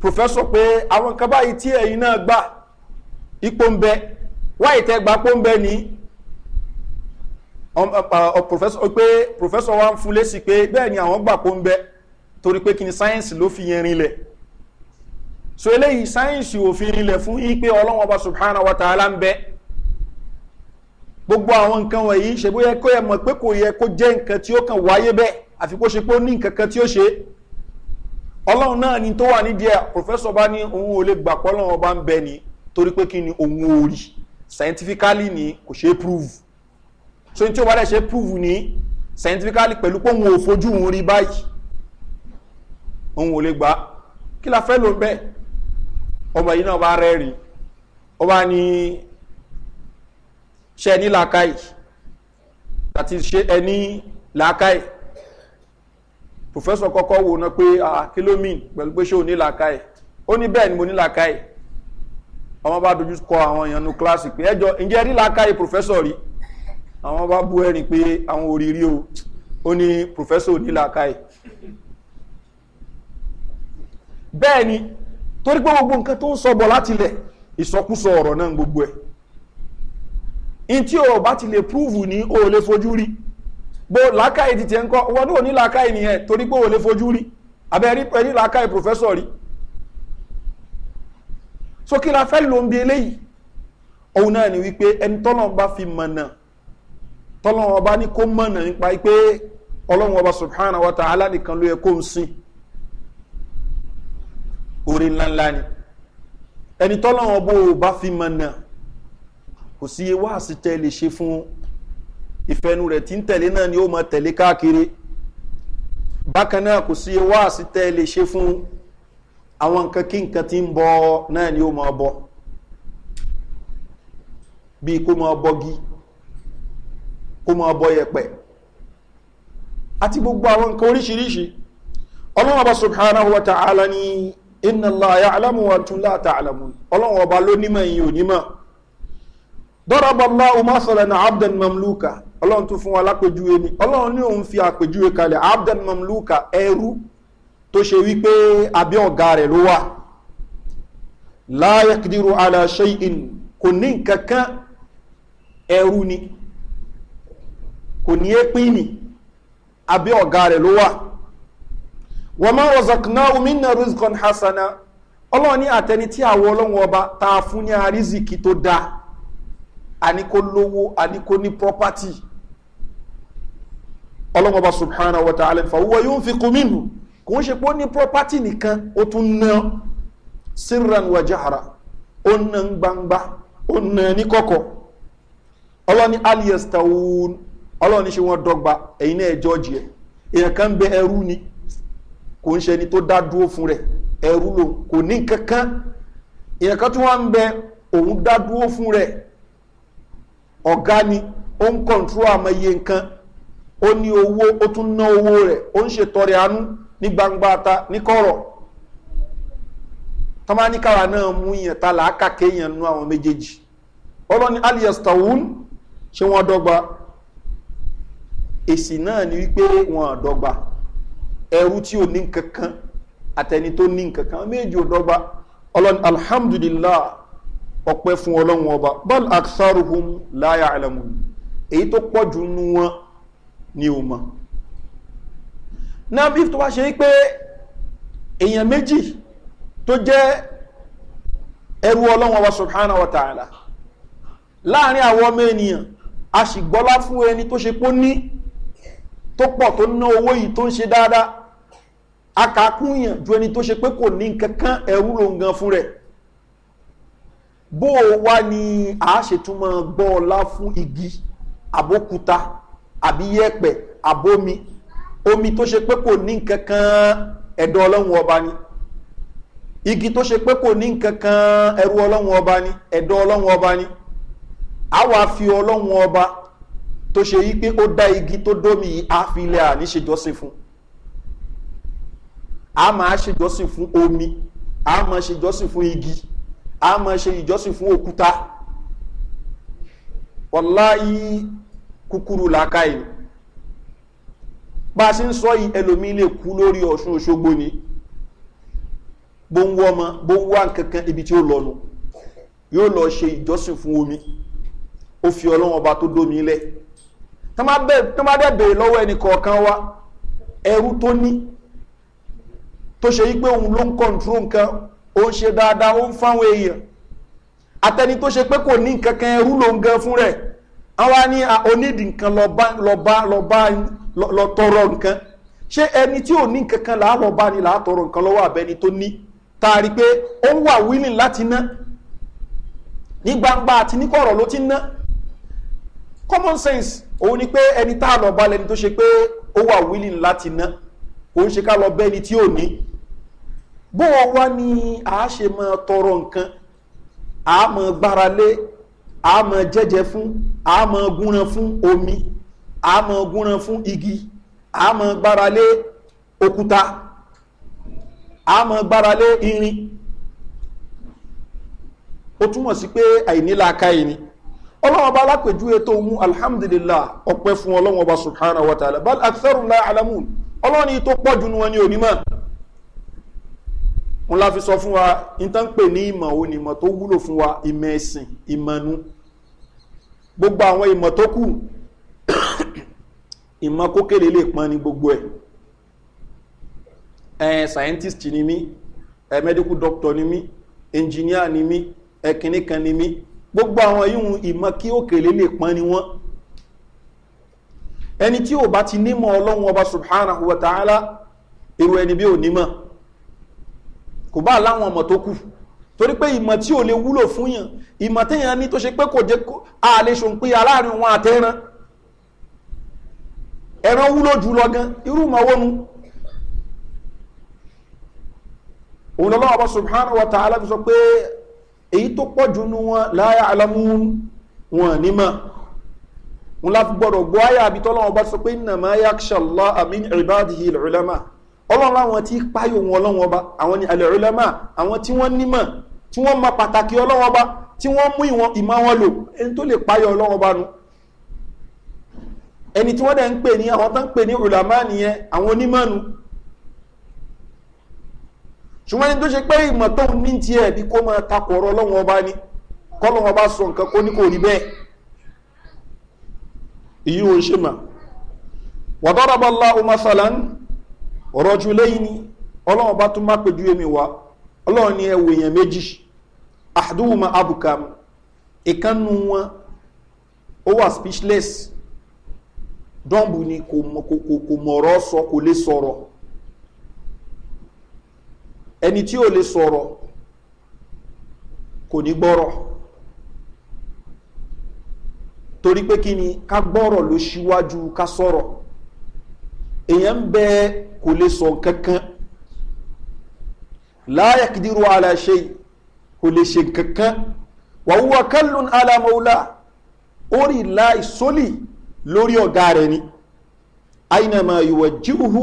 professor pé àwọn kan báyìí tí ẹ̀yin náà gbà ipò ń bẹ́ẹ̀ wáyé tẹ́ gba pọ́ńbẹ́ ni pé professor wa ń fún lésì pé bẹ́ẹ̀ ni àwọn gbà pọ́ńbẹ́ torí pé kí ni sáyẹ́nsì ló fi yẹn rinlẹ̀ so eléyìí sáyẹ́nsì òfin rinlẹ̀ fún yí pé ọlọ́wọ́n ọba subhana wa ta'ala ń bẹ gbogbo àwọn nǹkan wọ̀nyí ṣe bó yẹ kó yẹ mọ̀ pé kò yẹ kó jẹ́ nǹkan tí ó kàn wáyé bẹ́ẹ̀ àfi kó ṣe pé ó ní nǹkan kan tí ó ṣe ọlọ́run náà ni tó wà nídìí ẹ̀ pòfẹ́sọ̀ bá ní òun ò lè gbà pọ́ lọ́wọ́ bá ń bẹ ni torí pé kí ni òun ò rí scientifically ni kò ṣe é prove so ní tí o bá dẹ̀ ṣe prove ni scientifically pẹ̀lú pé òun ò fojú òun rí báyìí òun ò lè gbà kí la fẹ́ ló ń bẹ́ ọmọ yìí náà bá rẹ́rìn ó bá ní ṣe ní làákàyè àti ṣe ẹni làákàyè professor kọ́kọ́ wo ná pé ah, kí pẹ̀lú pé ṣé ò ní làákàyè ó ní bẹ́ẹ̀ ni mo ní làákàyè àwọn bá dojú kọ àwọn èèyàn nu kíláàsì pé ẹjọ́ ǹjẹ́ rí làákàyè pòfẹ́sọ̀ rí àwọn bá bú ẹ̀rìn pé àwọn òrìrí o ó ní pòfẹ́sọ̀ ní làákàyè bẹ́ẹ̀ ni torí pé gbogbo nǹkan tó ń sọ̀bọ̀ látilẹ̀ ìsọkúsọ ọ̀rọ̀ náà gbogbo ẹ̀ in tí o bá ti lè prúfù ní o lè fojú rí bó làákàyè ti tẹ́ ń kọ́ wọn náà ní làákàyè nìyẹn torí pé o lè fojú rí abẹ́rí pẹ̀lú làákàyè pòfẹ́sọ̀ rí so kí la fẹ́ ló ń bi eléyìí òun náà ni wípé ẹni tọ́lọ́n bá fi mọ̀nà tọ́lọ́n ọba ní kó mọ̀nà nípa pé ọlọ́run ọba subhana wa ta'ala nìkan ló yẹ kó ń sìn orí ńláńlá ni ẹni tọ́lọ́n ọba ò bá fi mọ̀nà kò sí ewa àsìtẹ́ lè ṣe fún ìfẹ́nu rẹ̀ tí ń tẹ̀lé náà ni ó mọ tẹ̀lé káàkiri bákan náà kò sí ewa àsìtẹ́ lè ṣe fún àwọn nǹkan kí nǹkan ti ń bọ náà ni ó mọ bọ bíi kó mọ bọgi kó mọ bọ yẹpẹ àti gbogbo àwọn nǹkan oríṣiríṣi ọlọ́run ọba subhanahu wa ta'ala ni inna allah ya alamu wa tun la ta'alamu ọlọ́run ọba ló nímọ̀ yìí ò nímọ̀ dọ́rọ̀bọ̀ bá umar sọ̀rọ̀ abdan mamluka ọlọ́run tún fún wa lápèjúwe ni ọlọ́run ní òun fi àpèjúwe kalẹ̀ abdan mamluka ẹrú e tó ṣe wípé abẹ́ ọ̀gá rẹ̀ ló wà láyé kìdírò aláṣẹ in kò ní nkankan ẹrú ni kò ní épín ni abẹ́ ọ̀gá rẹ̀ ló wà wọ́n máa rọ̀zọ̀kùnà omi nà rúzikọ́n hasana ọlọ́run ní àtẹni tí àwọn ọlọ́run ọba ta fún ní àrízìkì tó dáa àníkó lówó àníkó ní property ọlọ́run ọba subhanahu wa ta'ala fàwọ́ yóò fi kú mí nù. kò ń ṣe pé ó ní property nìkan ó tún ná síran wàjáhara ó ná gbangba ó ná ní kọ́kọ́ ọlọ́ni alias taun ọlọ́ni ṣe wọ́n dọ́gba ẹ̀yin náà ẹjọ́ jì èèyàn kan bẹ ẹrú ni kò ń ṣe ni tó dá dúró fún rẹ̀ ẹrú lò kò ní kankan èèyàn kan tí wọ́n ń bẹ òun dá dúró fún rẹ̀ ọ̀gá ni ó ń àmọ́ iye nǹkan ó ní owó ó tún ná owó rẹ̀ ó ń ní gbangba ta ní kọ̀rọ̀ tọ́mánikàwá náà mú yẹn ta làákà kéèyàn nú àwọn méjèèjì ọlọ́ni alias tawun ṣé wọ́n dọ́gba èsì náà ni wípé wọ́n dọ́gba ẹrú tí ò ní kankan àtẹni tó ní kankan méjì ò dọ́gba ọlọ́ni alhamdulilah ọpẹ́ fún ọlọ́run ọba bal aksaruhum láyà alamu èyí tó pọ̀jù nú wọn ni ò mọ̀ náà bí tó wá ṣe wípé èèyàn méjì tó jẹ́ ẹrú ọlọ́wọ́n wa subhanahu wa ta'ala láàrin àwọn ọmọ ènìyàn a sì gbọ́lá fún ẹni tó ṣe pó ní tó pọ̀ tó ná owó yìí tó ń ṣe dáadáa akakúnyàn ju ẹni tó ṣe pé kò ní kankan ẹrú ló ń gan fún rẹ̀ bó o wá ní àáṣetúmọ̀ gbọ́ọ̀lá fún igi àbókúta àbí yẹ́pẹ̀ àbómi omi tó ṣe pé kò ní nǹkan kan ẹ̀dọ́ ọlọ́run ọba ni igi tó ṣe pé kò ní nǹkan kan ẹrú ọlọ́run ọba ni ẹ̀dọ́ ọlọ́run ọba ni a wá fi ọlọ́run ọba tó ṣe yí pé ó dá igi tó dómi yìí àníṣejọ́sìn fún a máa ṣèjọ́sìn fún omi a máa ṣèjọ́sìn fún igi a máa ṣe ìjọ́sìn fún òkúta wàláyé kúkúrú làákàyè bá a ṣe ń sọ yìí ẹlòmí lè kú lórí ọ̀ṣun òṣogbo ni bó ń wọ ọmọ bó ń wá kankan ibi tí ó lọ nu yóò lọ ṣe ìjọsìn fún omi ó fi ọlọ́wọ́n ọba tó dómi lẹ̀ tó má dẹ̀ bèèrè lọ́wọ́ ẹnì kọ̀ọ̀kan wa ẹrú tó ní tó ṣe yí pé òun ló ń kọ̀ǹtró nǹkan ó ń ṣe dáadáa ó ń fáwọn èèyàn àtẹni tó ṣe pé kò ní nǹkan ẹrú ló ń gan fún rẹ̀ àwa ní onídìí nǹkan lọ bá lọ lọ tọrọ nǹkan ṣé ẹni tí ò ní nǹkan kan làálọ̀ bá ní làá tọrọ nǹkan lọ́wọ́ àbẹ́ni tó ní taari pé ó ń wà willing láti ná ní gbangba àti ní kọ̀rọ̀ ló ti ná common sense òun ni pé ẹni tá a lọ bá lẹni tó ṣe pé ó wà willing láti ná òun ṣe ká lọ bẹ́ni tí ò ní bóun wá ní a ṣe máa tọrọ nǹkan a máa gbára lé a máa jẹ́jẹ́ fún a máa gúnran fún omi àmọ́ gúnran fún igi àmọ́ gbáralé òkúta àmọ́ gbáralé irin ó túmọ̀ sí pé àìníláàká ẹni ọlọ́wọ́ba alápèjúwe tó mú alhamdulillah ọpẹ́ fún ọlọ́wọ́ba subhanahu wa ta'ala bal aksarun la alamu. ọlọ́ni tó pọ̀jù ní wọn ni onímọ̀ wọn la fi sọ fún wa ìtàn pè ní ìmọ̀ onímọ̀ tó wúlò fún wa ìmọ̀ ẹ̀sìn gbogbo àwọn ìmọ̀ tó kù ìmọ̀ kókèrè lè pọn ní gbogbo ẹ̀ ẹ̀ scientist ni mí ẹ̀ medical doctor ni mí engineer ni mí ẹ̀ kìnnìkan ni mí gbogbo àwọn yíhun ìmọ̀ kí lè pọn ni wọ́n ẹni tí ò bá ti nímọ̀ ọlọ́run ọba subhanahu wa ta'ala irú ẹni bí ò nímọ̀ kò bá láwọn ọmọ tó kù torí pé ìmọ̀ tí ò lè wúlò fún yàn ìmọ̀ téèyàn ní tó ṣe pé kò jẹ́ àlè ṣòǹpìyà láàrin wọn àtẹ́ràn ẹran wúlò jù lọ gan irú màwónú òun lọ́wọ́ ọba subhanahu wa ta'ala fi sọ pé èyí tó pọ̀ jù nú wọn láyà alamún wọn ní mọ̀ ń láfi gbọ́dọ̀ gbọ́ àyà àbí tọ́lọ́wọ́ bá sọ pé nàmá yakṣàlá àmín ìbádìí ìlúlẹ́mà ọlọ́run àwọn tí páyò wọn ọlọ́wọ́ bá àwọn ni alẹ́ àwọn tí wọ́n nímọ̀ tí wọ́n mọ pàtàkì ọlọ́wọ́ bá tí wọ́n mú ìmọ̀ wọn lò ẹni tó lè páyò ọlọ́wọ́ bá nu ẹni tí wọ́n dẹ̀ ń pè ní àwọn tó ń pè ní ulama nìyẹn àwọn onímọ̀nù ṣùgbọ́n ẹni tó ṣe pé ìmọ̀ tó ń ní ti ẹ̀ bí kó máa takò ọlọ́run ọba ni kọ́lọ́run ọba sọ nǹkan kó ní kò rí bẹ́ẹ̀ èyí ò ń ṣe mà wàdọ́rọ̀bọ̀ la umasalan rọ̀jù lẹ́yìn ni ọlọ́run ọba tún má pèjú èmi wá ọlọ́run ni ẹwò èèyàn méjì àdúhùmọ̀ abùkàm ìkànnù wọn ó wà speechless dọ́ǹbù ni kò mọ̀rọ̀ sọ kò lè sọ̀rọ̀ ẹni tí ò lè sọ̀rọ̀ kò ní gbọ́rọ̀ torí pé kí ni ká gbọ́rọ̀ ló ṣíwájú ká sọ̀rọ̀ èèyàn ń bẹ kò lè sọ kankan láyà kìdírò aláṣẹ kò lè ṣe kankan wàhùwà kálùn alámọ́ọ́lá orí láì sólì lórí ọ̀gá rẹ̀ ni àyìnàmọ̀ ìwọ̀ jíhù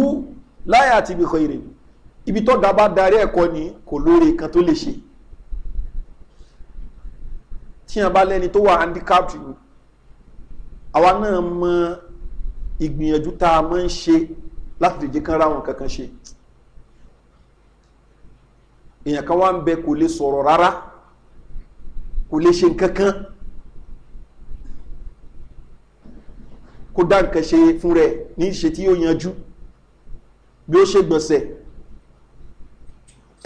láyà àti ibi kan ìrìn ibi tó ga darí ẹ̀kọ́ ni kò lóore kan tó lè ṣe tí wọn bá lẹ́ni tó wà handicapped ni àwa náà mọ ìgbìyànjú tá a máa ń ṣe láti lè jẹ́ kán ráwọn kankan ṣe èèyàn kan wá ń bẹ kò lè sọ̀rọ̀ rárá kò lè ṣe nǹkan kan kó dá nǹkan ṣe fún rẹ̀ ní ìṣe tí yóò yanjú bí ó ṣe gbọ̀nsẹ̀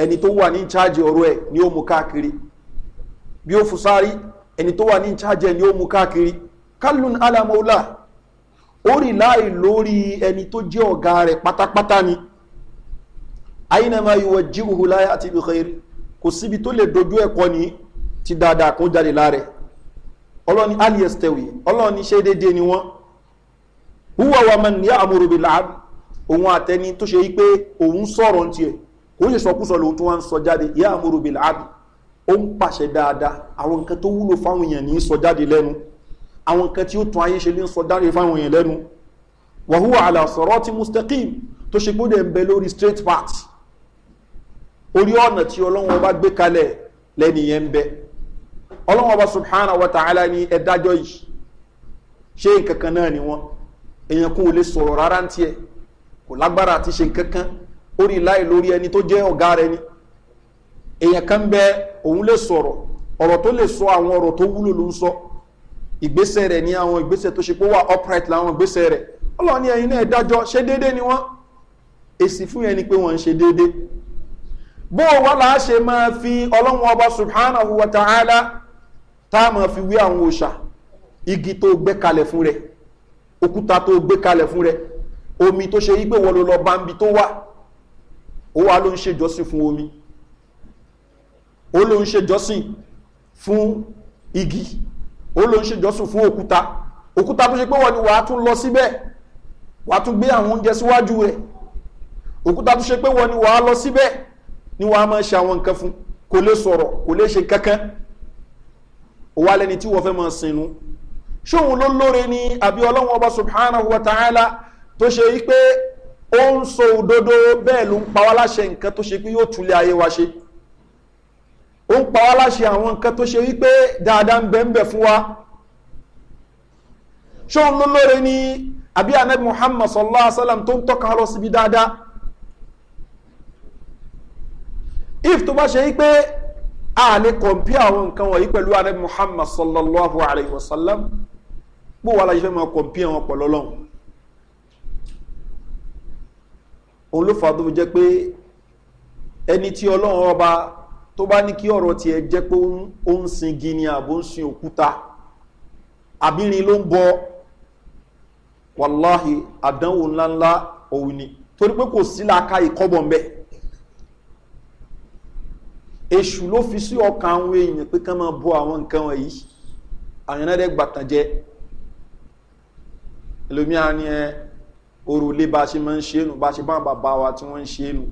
ẹni tó wà ní ìcháàjì ọ̀rọ̀ ẹ̀ ni ó mú káàkiri bí ó fùsárí ẹni tó wà ní ìcháàjì ẹ̀ ni ó mú káàkiri kálùn alamola ó rí láì lórí ẹni tó jẹ́ ọ̀gá rẹ̀ pátápátá ni àyínàmá ìwọ̀ jíhùhù láyé àti ìbìkẹ́rì kò síbi tó lè dojú ẹ̀kọ́ ni ti dáadáa kún jáde láàrẹ̀ ọlọ́ni aliestewi ọlọ́ni ṣe déédéé ni wọ́n huwa wa man ní àmúrò bí láàb òun àtẹni tó ṣe wípé òun sọ̀rọ̀ ń tiẹ̀ kò ṣe sọkúsọ lòun tó wá ń sọ jáde yá àmúrò bí láàb ó ń pàṣẹ dáadáa àwọn nǹkan tó wúlò fáwọn èèyàn ní sọ jáde lẹ́nu àwọn nǹkan tí ó tún ayé ṣe ní sọ jáde fáwọn èèyàn lẹ́nu wàhúwà àlàsọ̀rọ̀ ti mustaqim tó ṣe gbódẹ̀ ń bẹ lórí straight path orí ọ̀nà tí ọlọ́wọ́n bá gbé kalẹ̀ lẹ́nìyẹn ń bẹ ọlọ́wọ́n bá subhanahu wa ta'ala ní ẹ̀dájọ́ yìí ṣé nǹkan kan ni wọ́n èèyàn kò lè sọ̀rọ̀ rárá ń tiẹ̀ kò lágbára àti ṣe nǹkan kan láì lórí ẹni tó jẹ́ ọ̀gá rẹ ni èèyàn kan bẹ òun lè sọ̀rọ̀ ọ̀rọ̀ tó lè sọ àwọn ọ̀rọ̀ tó wúlò ló ń sọ ìgbésẹ̀ rẹ̀ ní àwọn ìgbésẹ̀ tó ṣe pé wà upright láwọn ìgbésẹ̀ rẹ̀ ọlọ́ọ̀ni ẹ̀yin náà dájọ́ ṣe déédé ni wọ́n èsì fún yẹn ni pé wọ́n ń ṣe déédé bó wà láà ṣe máa fi ọlọ́run ọba subhanahu wa ta'ala tá a máa fi wí àwọn òòṣà igi tó gbẹ́kalẹ̀ fún rẹ̀ òkúta tó gbé kalẹ̀ fún rẹ omi tó ṣe yípe wọ́n ló lọ bá ń bi tó wà ó wà ló ń ṣèjọ́sìn fún omi ó ló ń ṣèjọ́sìn fún igi ó ló ń ṣèjọ́sìn fún òkúta òkúta tó ṣe pé wọ́n ni wàá tún lọ síbẹ̀ wàá tún gbé àwọn oúnjẹ síwájú rẹ̀ òkúta tó ṣe pé wọ́n ni wàá lọ síbẹ̀ ni wàá máa ṣe àwọn nǹkan fún kò lè sọ̀rọ̀ kò lè ṣe kankan ó tí wọ́n fẹ́ máa sinú ṣóhun ló lóore ni àbí ọlọ́run ọba subhanahu wa ta'ala tó ṣe yí pé ó ń so òdodo bẹ́ẹ̀ ló ń pa wá láṣẹ nǹkan tó ṣe pé yóò túlẹ̀ ayé wa ṣe ó ń pa wá láṣẹ àwọn nǹkan tó ṣe wípé dáadáa ń bẹ ń bẹ fún wa ṣóhun ló lóore ni àbí anabi muhammad sallallahu alaihi wa sallam tó ń tọ́ka lọ síbi dáadáa if tó bá ṣe wípé a lè kọ̀m̀pí àwọn nǹkan wọ̀nyí pẹ̀lú anabi muhammad sallallahu alaihi wa sallam pò wà láyé fẹ́ máa kọ̀m̀pí àwọn pọ̀ lọ́lọ́run òun ló fà á tó jẹ́ pé ẹni tí ọlọ́run ọba tó bá ní kí ọ̀rọ̀ tiẹ̀ jẹ́ pé ó ń sin gini àbó ń sin òkúta àbírin ló ń bọ wàláhì àdánwò ńláńlá òun ni torí pé kò sí làákà ìkọ́bọ̀ ń bẹ̀ èṣù ló fi sí ọkàn àwọn èèyàn pé ká máa bọ àwọn nǹkan wọ̀nyí àyànnádẹ́gbàtàn ẹlòmí a ní ẹ orùlé bá ṣe máa ń ṣe nù bá ṣe bá bàbá wa tí wọ́n ń ṣe nù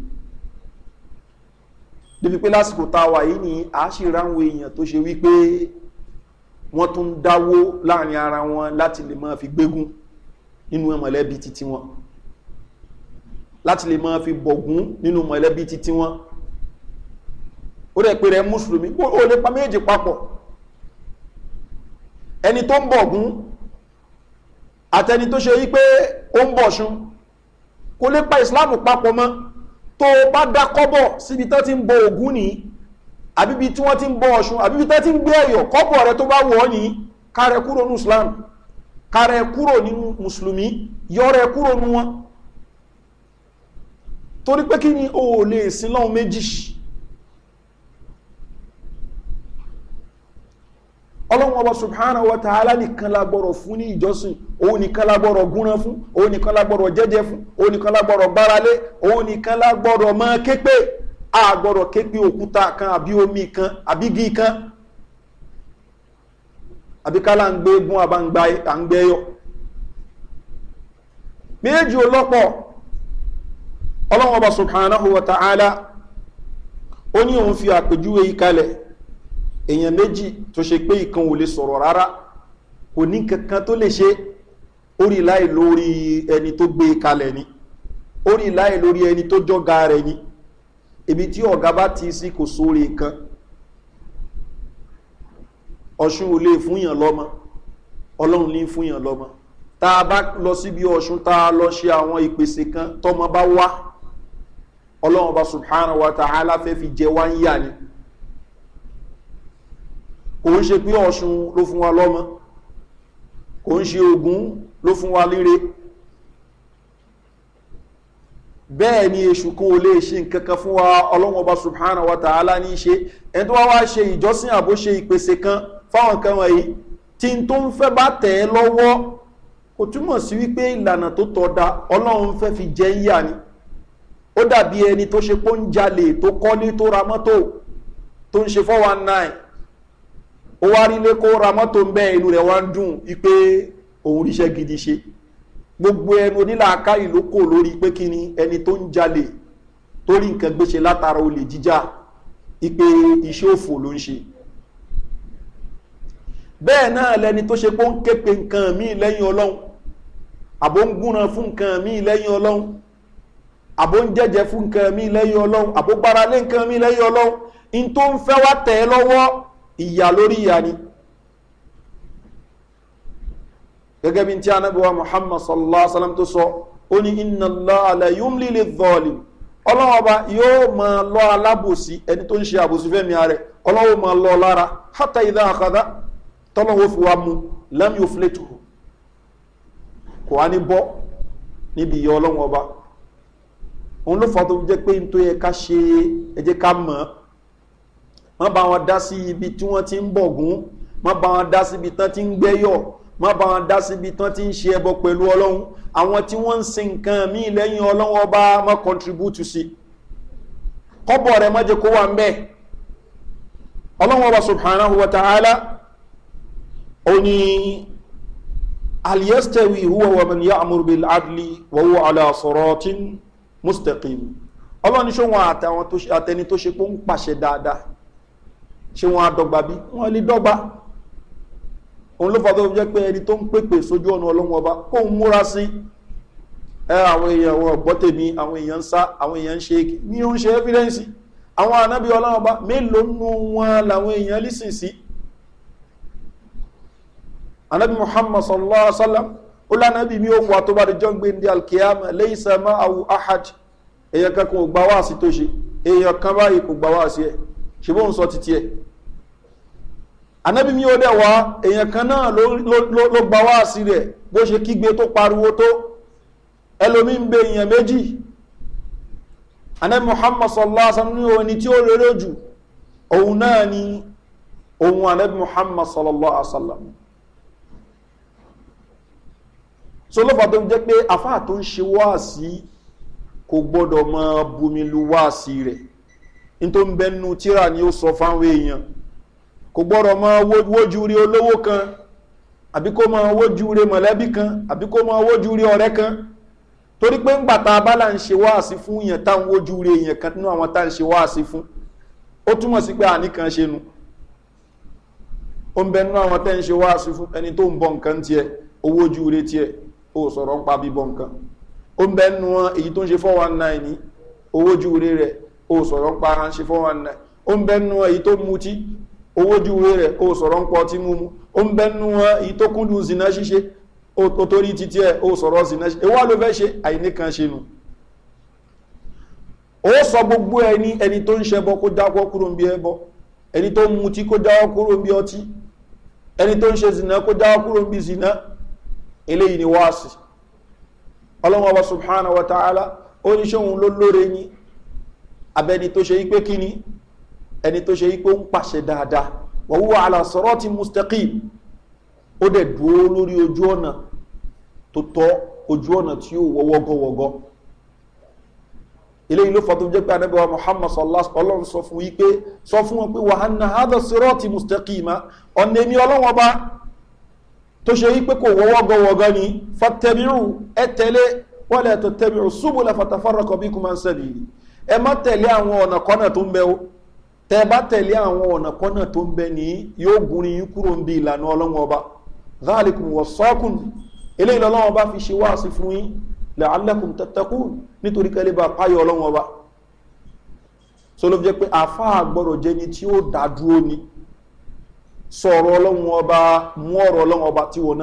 débi pé lásìkò tá yìí ni a ṣì ráwọn èèyàn tó ṣe wípé wọ́n tún dáwó láàrin ara wọn láti lè máa fi gbégún nínú mọ̀lẹ́bí titi wọn láti lè máa fi bọ̀gún nínú mọ̀lẹ́bí titi wọn ó rẹ̀ pé rẹ̀ mùsùlùmí ó lè pa méjì papọ̀ ẹni tó ń bọ̀gún àtẹni tó ṣe yí pé ó ń bọ̀ ṣun kò lè pa ìsìláàmù papọ̀ mọ́ tó bá dá kọ́bọ̀ síbi tán ti ń bọ ògún ní àbíbi tí wọ́n ti ń bọ ọ̀ṣun àbíbi tán ti ń gbé ẹ̀yọ̀ kọ́bọ̀ rẹ tó bá wọ̀ ọ́ ní kárẹ kúrò ní islam kárẹ kúrò nínú mùsùlùmí yọrẹ kúrò ní wọn torí pé kí ni o ò lè sin lọ́hun méjì ọlọ́run ọba subhanahu wa ta'ala nìkan lagbọ́rọ̀ fún ní ìjọsìn òun nìkan lagbọ́rọ̀ gúnran fún òun nìkan lagbọ́rọ̀ jẹ́jẹ́ fún òun nìkan lagbọ́rọ̀ gbáralé òun nìkan lagbọ́rọ̀ mọ́ képe àgbọ̀rọ̀ kan àbí omi kan àbí gí kan àbí kálá ń gbé egun àbá méjì olọ́pọ̀ ọlọ́run ọba subhanahu wa ta'ala ó èèyàn méjì tó ṣe pé ìkan ò lè sọ̀rọ̀ rárá kò ní kankan tó lè ṣe orí láì lórí ẹni tó gbé e kalẹ̀ ni orí láì lórí ẹni tó jọ́ga rẹ̀ ni ibi tí ọ̀gá bá ti sí kò sóore kan ọ̀ṣun ò lè fúnyàn lọ́mọ ọlọ́run ní fúnyàn lọ́mọ tá a bá lọ síbi ọ̀ṣun tá a lọ ṣe àwọn ìpèsè kan tọmọ bá wá ọlọ́run bá subhanahu wa ta'ala fẹ́ fi jẹ wá ń yà ni kò ń ṣe pé ọ̀ṣun ló fún wa lọ́mọ kò ń ṣe ogun ló fún wa líre bẹ́ẹ̀ ni èṣù kan ò lè ṣe nkankan fún wa ọlọ́wọ́n ọba subhanahu wa ta'ala ní ṣe ẹni tó wá wá ṣe ìjọsìn àbó ṣe ìpèsè kan fáwọn kan wọ̀nyí tí n tó ń fẹ́ bá tẹ̀ ẹ́ lọ́wọ́ kò túmọ̀ sí wípé ìlànà tó tọ́ da ọlọ́run fẹ́ fi jẹ́ ń yà ni ó dàbí ẹni tó ṣe pé ń jalè tó kọ́lé tó ra mọ́tò tó ń ṣe 419 ó wá rí lé kó ra mọ́tò ń bẹ́ inú rẹ̀ wá ń dùn pé òun ríṣẹ́ gidi ṣe gbogbo ẹnu onílàáká ìlú kò lórí pé kí ni ẹni tó ń jalè torí nǹkan gbéṣe látara olè jíjà ipe iṣẹ́ òfò ló ń ṣe bẹ́ẹ̀ náà lẹni tó ṣe pé ó ń képe nǹkan míì lẹ́yìn ọlọ́run àbó ń gúnran fún nǹkan míì lẹ́yìn ọlọ́run àbó ń jẹ́jẹ́ fún nǹkan míì lẹ́yìn ọlọ́run àbó gbára lé nǹkan míì lẹ́yìn ọlọ́run in tó ń fẹ́ wá tẹ̀ ẹ́ lọ́wọ́ ìyà lórí ìyà ni gẹ́gẹ́ bí n tí a nábì wa muhammad sallallahu alaihi wa sallam tó sọ ó ní iná lọ́ọ̀lẹ̀ yóò ń líle zọ́ọ̀lì ọlọ́wọ́ ọba yóò máa lọ alábòsí ẹni tó ń ṣe àbòsí fẹ́mi rẹ̀ ọlọ́wọ́ máa lọ lára hátà ìdá àkàdá tọ́lọ́wọ́ fi wá mu lẹ́mí òfìlétò kò wá ní bọ́ níbi ìyá ọlọ́wọ́ ọba òun ló fà tó jẹ́ pé n tó yẹ ká ṣe ẹjẹ́ ká mọ̀ ọ́ má bá wọn dá sí ibi tí wọ́n ti ń bọ̀gún má bá wọn dá sí ibi tán ti ń gbẹ́yọ̀ má bá wọn dá sí ibi tán ti ń ṣe ẹbọ pẹ̀lú ọlọ́run àwọn tí wọ́n ń sin nǹkan míì lẹ́yìn ọlọ́run ọba má contribute sí kọ́bọ̀ rẹ̀ má kó wà ń bẹ́ẹ̀ ọlọ́run ọba subhanahu wa ta'ala ó ní huwa wa man ya'mur bil adli wa huwa ala siratin mustaqim ọlọ́run ní ṣòwò àtẹni tó ṣe pé pàṣẹ dáadáa ṣé wọn á wọn bí wọn lè dọ́gba òun ló fà tó jẹ́ pé ẹni tó ń pèpè sójú ọ̀nà ọlọ́run ọba kó ń múra sí ẹ àwọn èèyàn wọn gbọ́ tèmi àwọn èèyàn ń sá àwọn èèyàn ń ṣe é ní ń ṣe àwọn ọlọ́run ọba mélòó nù wọn làwọn èèyàn lísìn sí ànábì muhammad sallallahu alaihi wa sallam ó lánàbì mi ó wà tó bá di jọ́ gbé ndí alkiyama lẹ́yìn ṣe bó ń sọ títí ẹ̀ anábì mi ó dẹ̀ wá èèyàn kan náà ló gba wá sí rẹ̀ bó ṣe kígbe tó pariwo tó ẹlòmí ń be èèyàn méjì anábì muhammad sallallahu alaihi wasallam ní òní tí ó rere jù òun náà ni òun anábì muhammad sallallahu alaihi wasallam so lọ́fà tó jẹ́ pé afáà tó ń ṣe wáàsí kò gbọ́dọ̀ mọ bumi lu wáàsí rẹ̀ tó ń bẹnu tíra ni ó sọ fáwọn èèyàn kò gbọ́dọ̀ mọ wójú rí olówó kan àbí kó mọ wójú rí mọ̀lẹ́bí kan àbí kó mọ wójú rí ọ̀rẹ́ kan torí pé ń gbàtà abala ń ṣe wáàsí fún èèyàn táwọn wójú rí èèyàn kan nínú àwọn tá ń ṣe wáàsí fún ó túmọ̀ sí pé àníkan ṣe nu ó ń bẹ nínú àwọn tẹ́ ń ṣe wáàsí fún ẹni tó ń bọ nǹkan tiẹ̀ owó ojú tiẹ̀ ó sọ̀rọ̀ ń pa bíbọ nǹkan ó ń bẹ nínú èyí tó ń ṣe 419 ní owó rẹ̀ ó sọ̀rọ̀ ń pa ránṣẹ́ fún wọn náà ó ń bẹ́nu èyí tó mutí owó júwe rẹ̀ ó sọ̀rọ̀ ń pọ tí múmu ó ń bẹ́nu èyí tó kúndùn zina ṣíṣe ó torí títí ẹ̀ ó sọ̀rọ̀ zina ṣíṣe ewá ló fẹ́ ṣe àìníkan ṣe nù ó sọ gbogbo ẹni ẹni tó ń ṣẹbọ kó jáwọ́ kúrò ń bí ẹbọ ẹni tó mutí kó jáwọ́ kúrò ń bí ọtí ẹni tó ń ṣe zina kó jáwọ́ kúrò ń bí zina eléyìí ni wáàsì ọlọ́wọ́n wa subhanahu wa ta'ala ó ní ṣóhun ló lóore yín abẹni tó ṣe wípé kíni ẹni tó ṣe wípé ó ń pàṣẹ dáadáa wọ́n wúwo àlàsọ̀rọ̀ ti mustaqim ó dẹ̀ dúró lórí ojú ọ̀nà tó tọ́ ojú ọ̀nà tí ó wọ́ wọ́gọ́wọ́gọ́ eléyìí ló fọ́tún jẹ́ pé anábẹ́wà muhammad ọlọ́run sọ fún wípé sọ fún wọn pé wàhánà hádà sírọ́ ti mustaqima ọ̀nà èmi ọlọ́run ọba tó ṣe wípé kò wọ́wọ́gọ́wọ́gọ́ ni fatẹ́bírù ẹ tẹ́lé wọ́lẹ̀ tó tẹ́bírù súbùlẹ̀ fatafarrakọ̀ bí kúmọ̀ ń sẹ́bìrì ẹ má tẹ̀lé àwọn ọ̀nà kọ́nà tó ń bẹ o tẹ́ bá tẹ̀lé àwọn ọ̀nà kọ́nà tó ń bẹ ní yóò gun yín kúrò ń bi ìlànà ọlọ́run ọba záàlìkùn wọ̀ sọ́kùn eléyìí ọba fi ṣe wáàsí fún yín làálẹ́kùn tẹ́tẹ́kù nítorí bá páyọ̀ ọba tí ó dá dúró ni sọ̀rọ̀ ọba mú ọ̀rọ̀ ọba tí wọn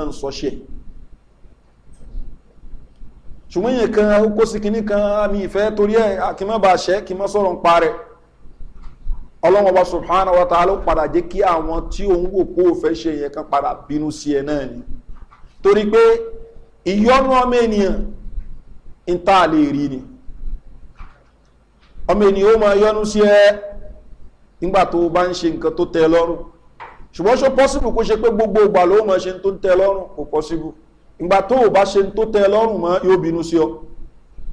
ṣùgbọ́n yẹn kan kó sí kinní kan ah, mi ìfẹ́ torí ẹ̀ ah, kí má ba ṣẹ́ kí má sọ̀rọ̀ ń parẹ́ ọlọ́wọ́n bá subhanahu wa ta'ala ó padà jẹ́ kí àwọn tí òun wò kó o fẹ́ ṣe yẹn kan padà bínú sí ẹ náà ni torí pé ìyọnu ọmọ ènìyàn ń tà lè rí ni ọmọ ènìyàn ó máa yọnu sí ẹ nígbà tó bá ń ṣe nǹkan tó tẹ lọ́rùn ṣùgbọ́n ṣó pọ́sibù kó ṣe pé gbogbo ìgbà ló máa ṣe tó ń tẹ lọ́rùn kò pọ́sibù ìgbà tó o bá ṣe tó tẹ lọ́rùn mọ́ yóò bínú sí ọ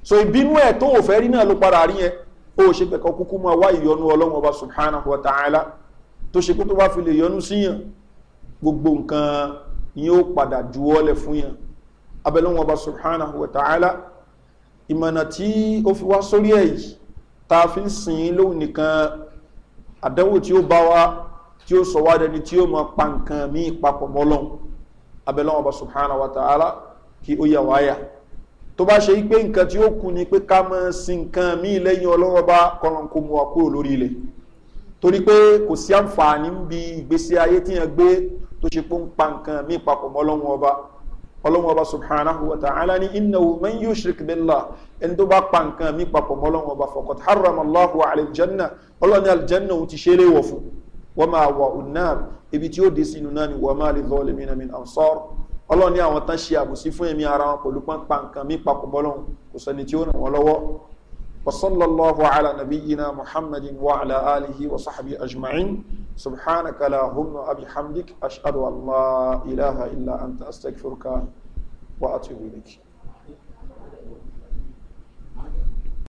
so ìbínú ẹ̀ tó o fẹ́ rí náà ló padà rí yẹn o ò ṣe kẹ̀kọ́ kúkú mọ́ wá ìyọnu ọlọ́run ọba subhana wa ta'ala tó ṣe pé tó bá fi lè yọnu síyàn gbogbo nǹkan yẹn ó padà juwọ́lẹ̀ fún yẹn abẹ́lẹ́wọ̀n ọba subhana wa ta'ala ìmọ̀nà tí ó fi wá sórí ẹ̀ yìí ta fi ń sìn lóhun nìkan àdánwò tí ó bá wa tí ó sọ wá dẹni tí ó mọ pa nǹkan míì papọ̀ mọ́ abẹ́lẹ́wọ̀n ọba subhanahu wa ta'ala kí ó yà wáyà tó bá ṣe pé nǹkan tí ó kù ni pé ká mọ sí nǹkan míì lẹ́yìn ọlọ́wọ́ bá kọ́ran mu wa lórí ilẹ̀ torí pé kò sí àǹfààní ń bi ìgbésí ayé tí yẹn gbé tó ṣe pé ń pa nǹkan míì papọ̀ mọ́ ọlọ́wọ́n ọba ọlọ́wọ́n ọba subhanahu wa ta'ala ni innahu man yóò ṣe kìbẹ́lá ẹni tó bá pa nǹkan míì papọ̀ mọ́ ọlọ́wọ́n ọba fọkàn haram wọ́n máa wà ò náà ibi tí ó dé sínú náà ni wọ́n máa lè zọ́ lèmi náà mi náà sọ́ọ̀rọ̀ ọlọ́run ní àwọn tán ṣe àbùsí fún ẹ̀mí ara wọn pẹ̀lú pàǹpà nǹkan mí papọ̀ bọ́lọ́run kò sẹ́ni tí ó ràn wọ́n lọ́wọ́ وصلى الله على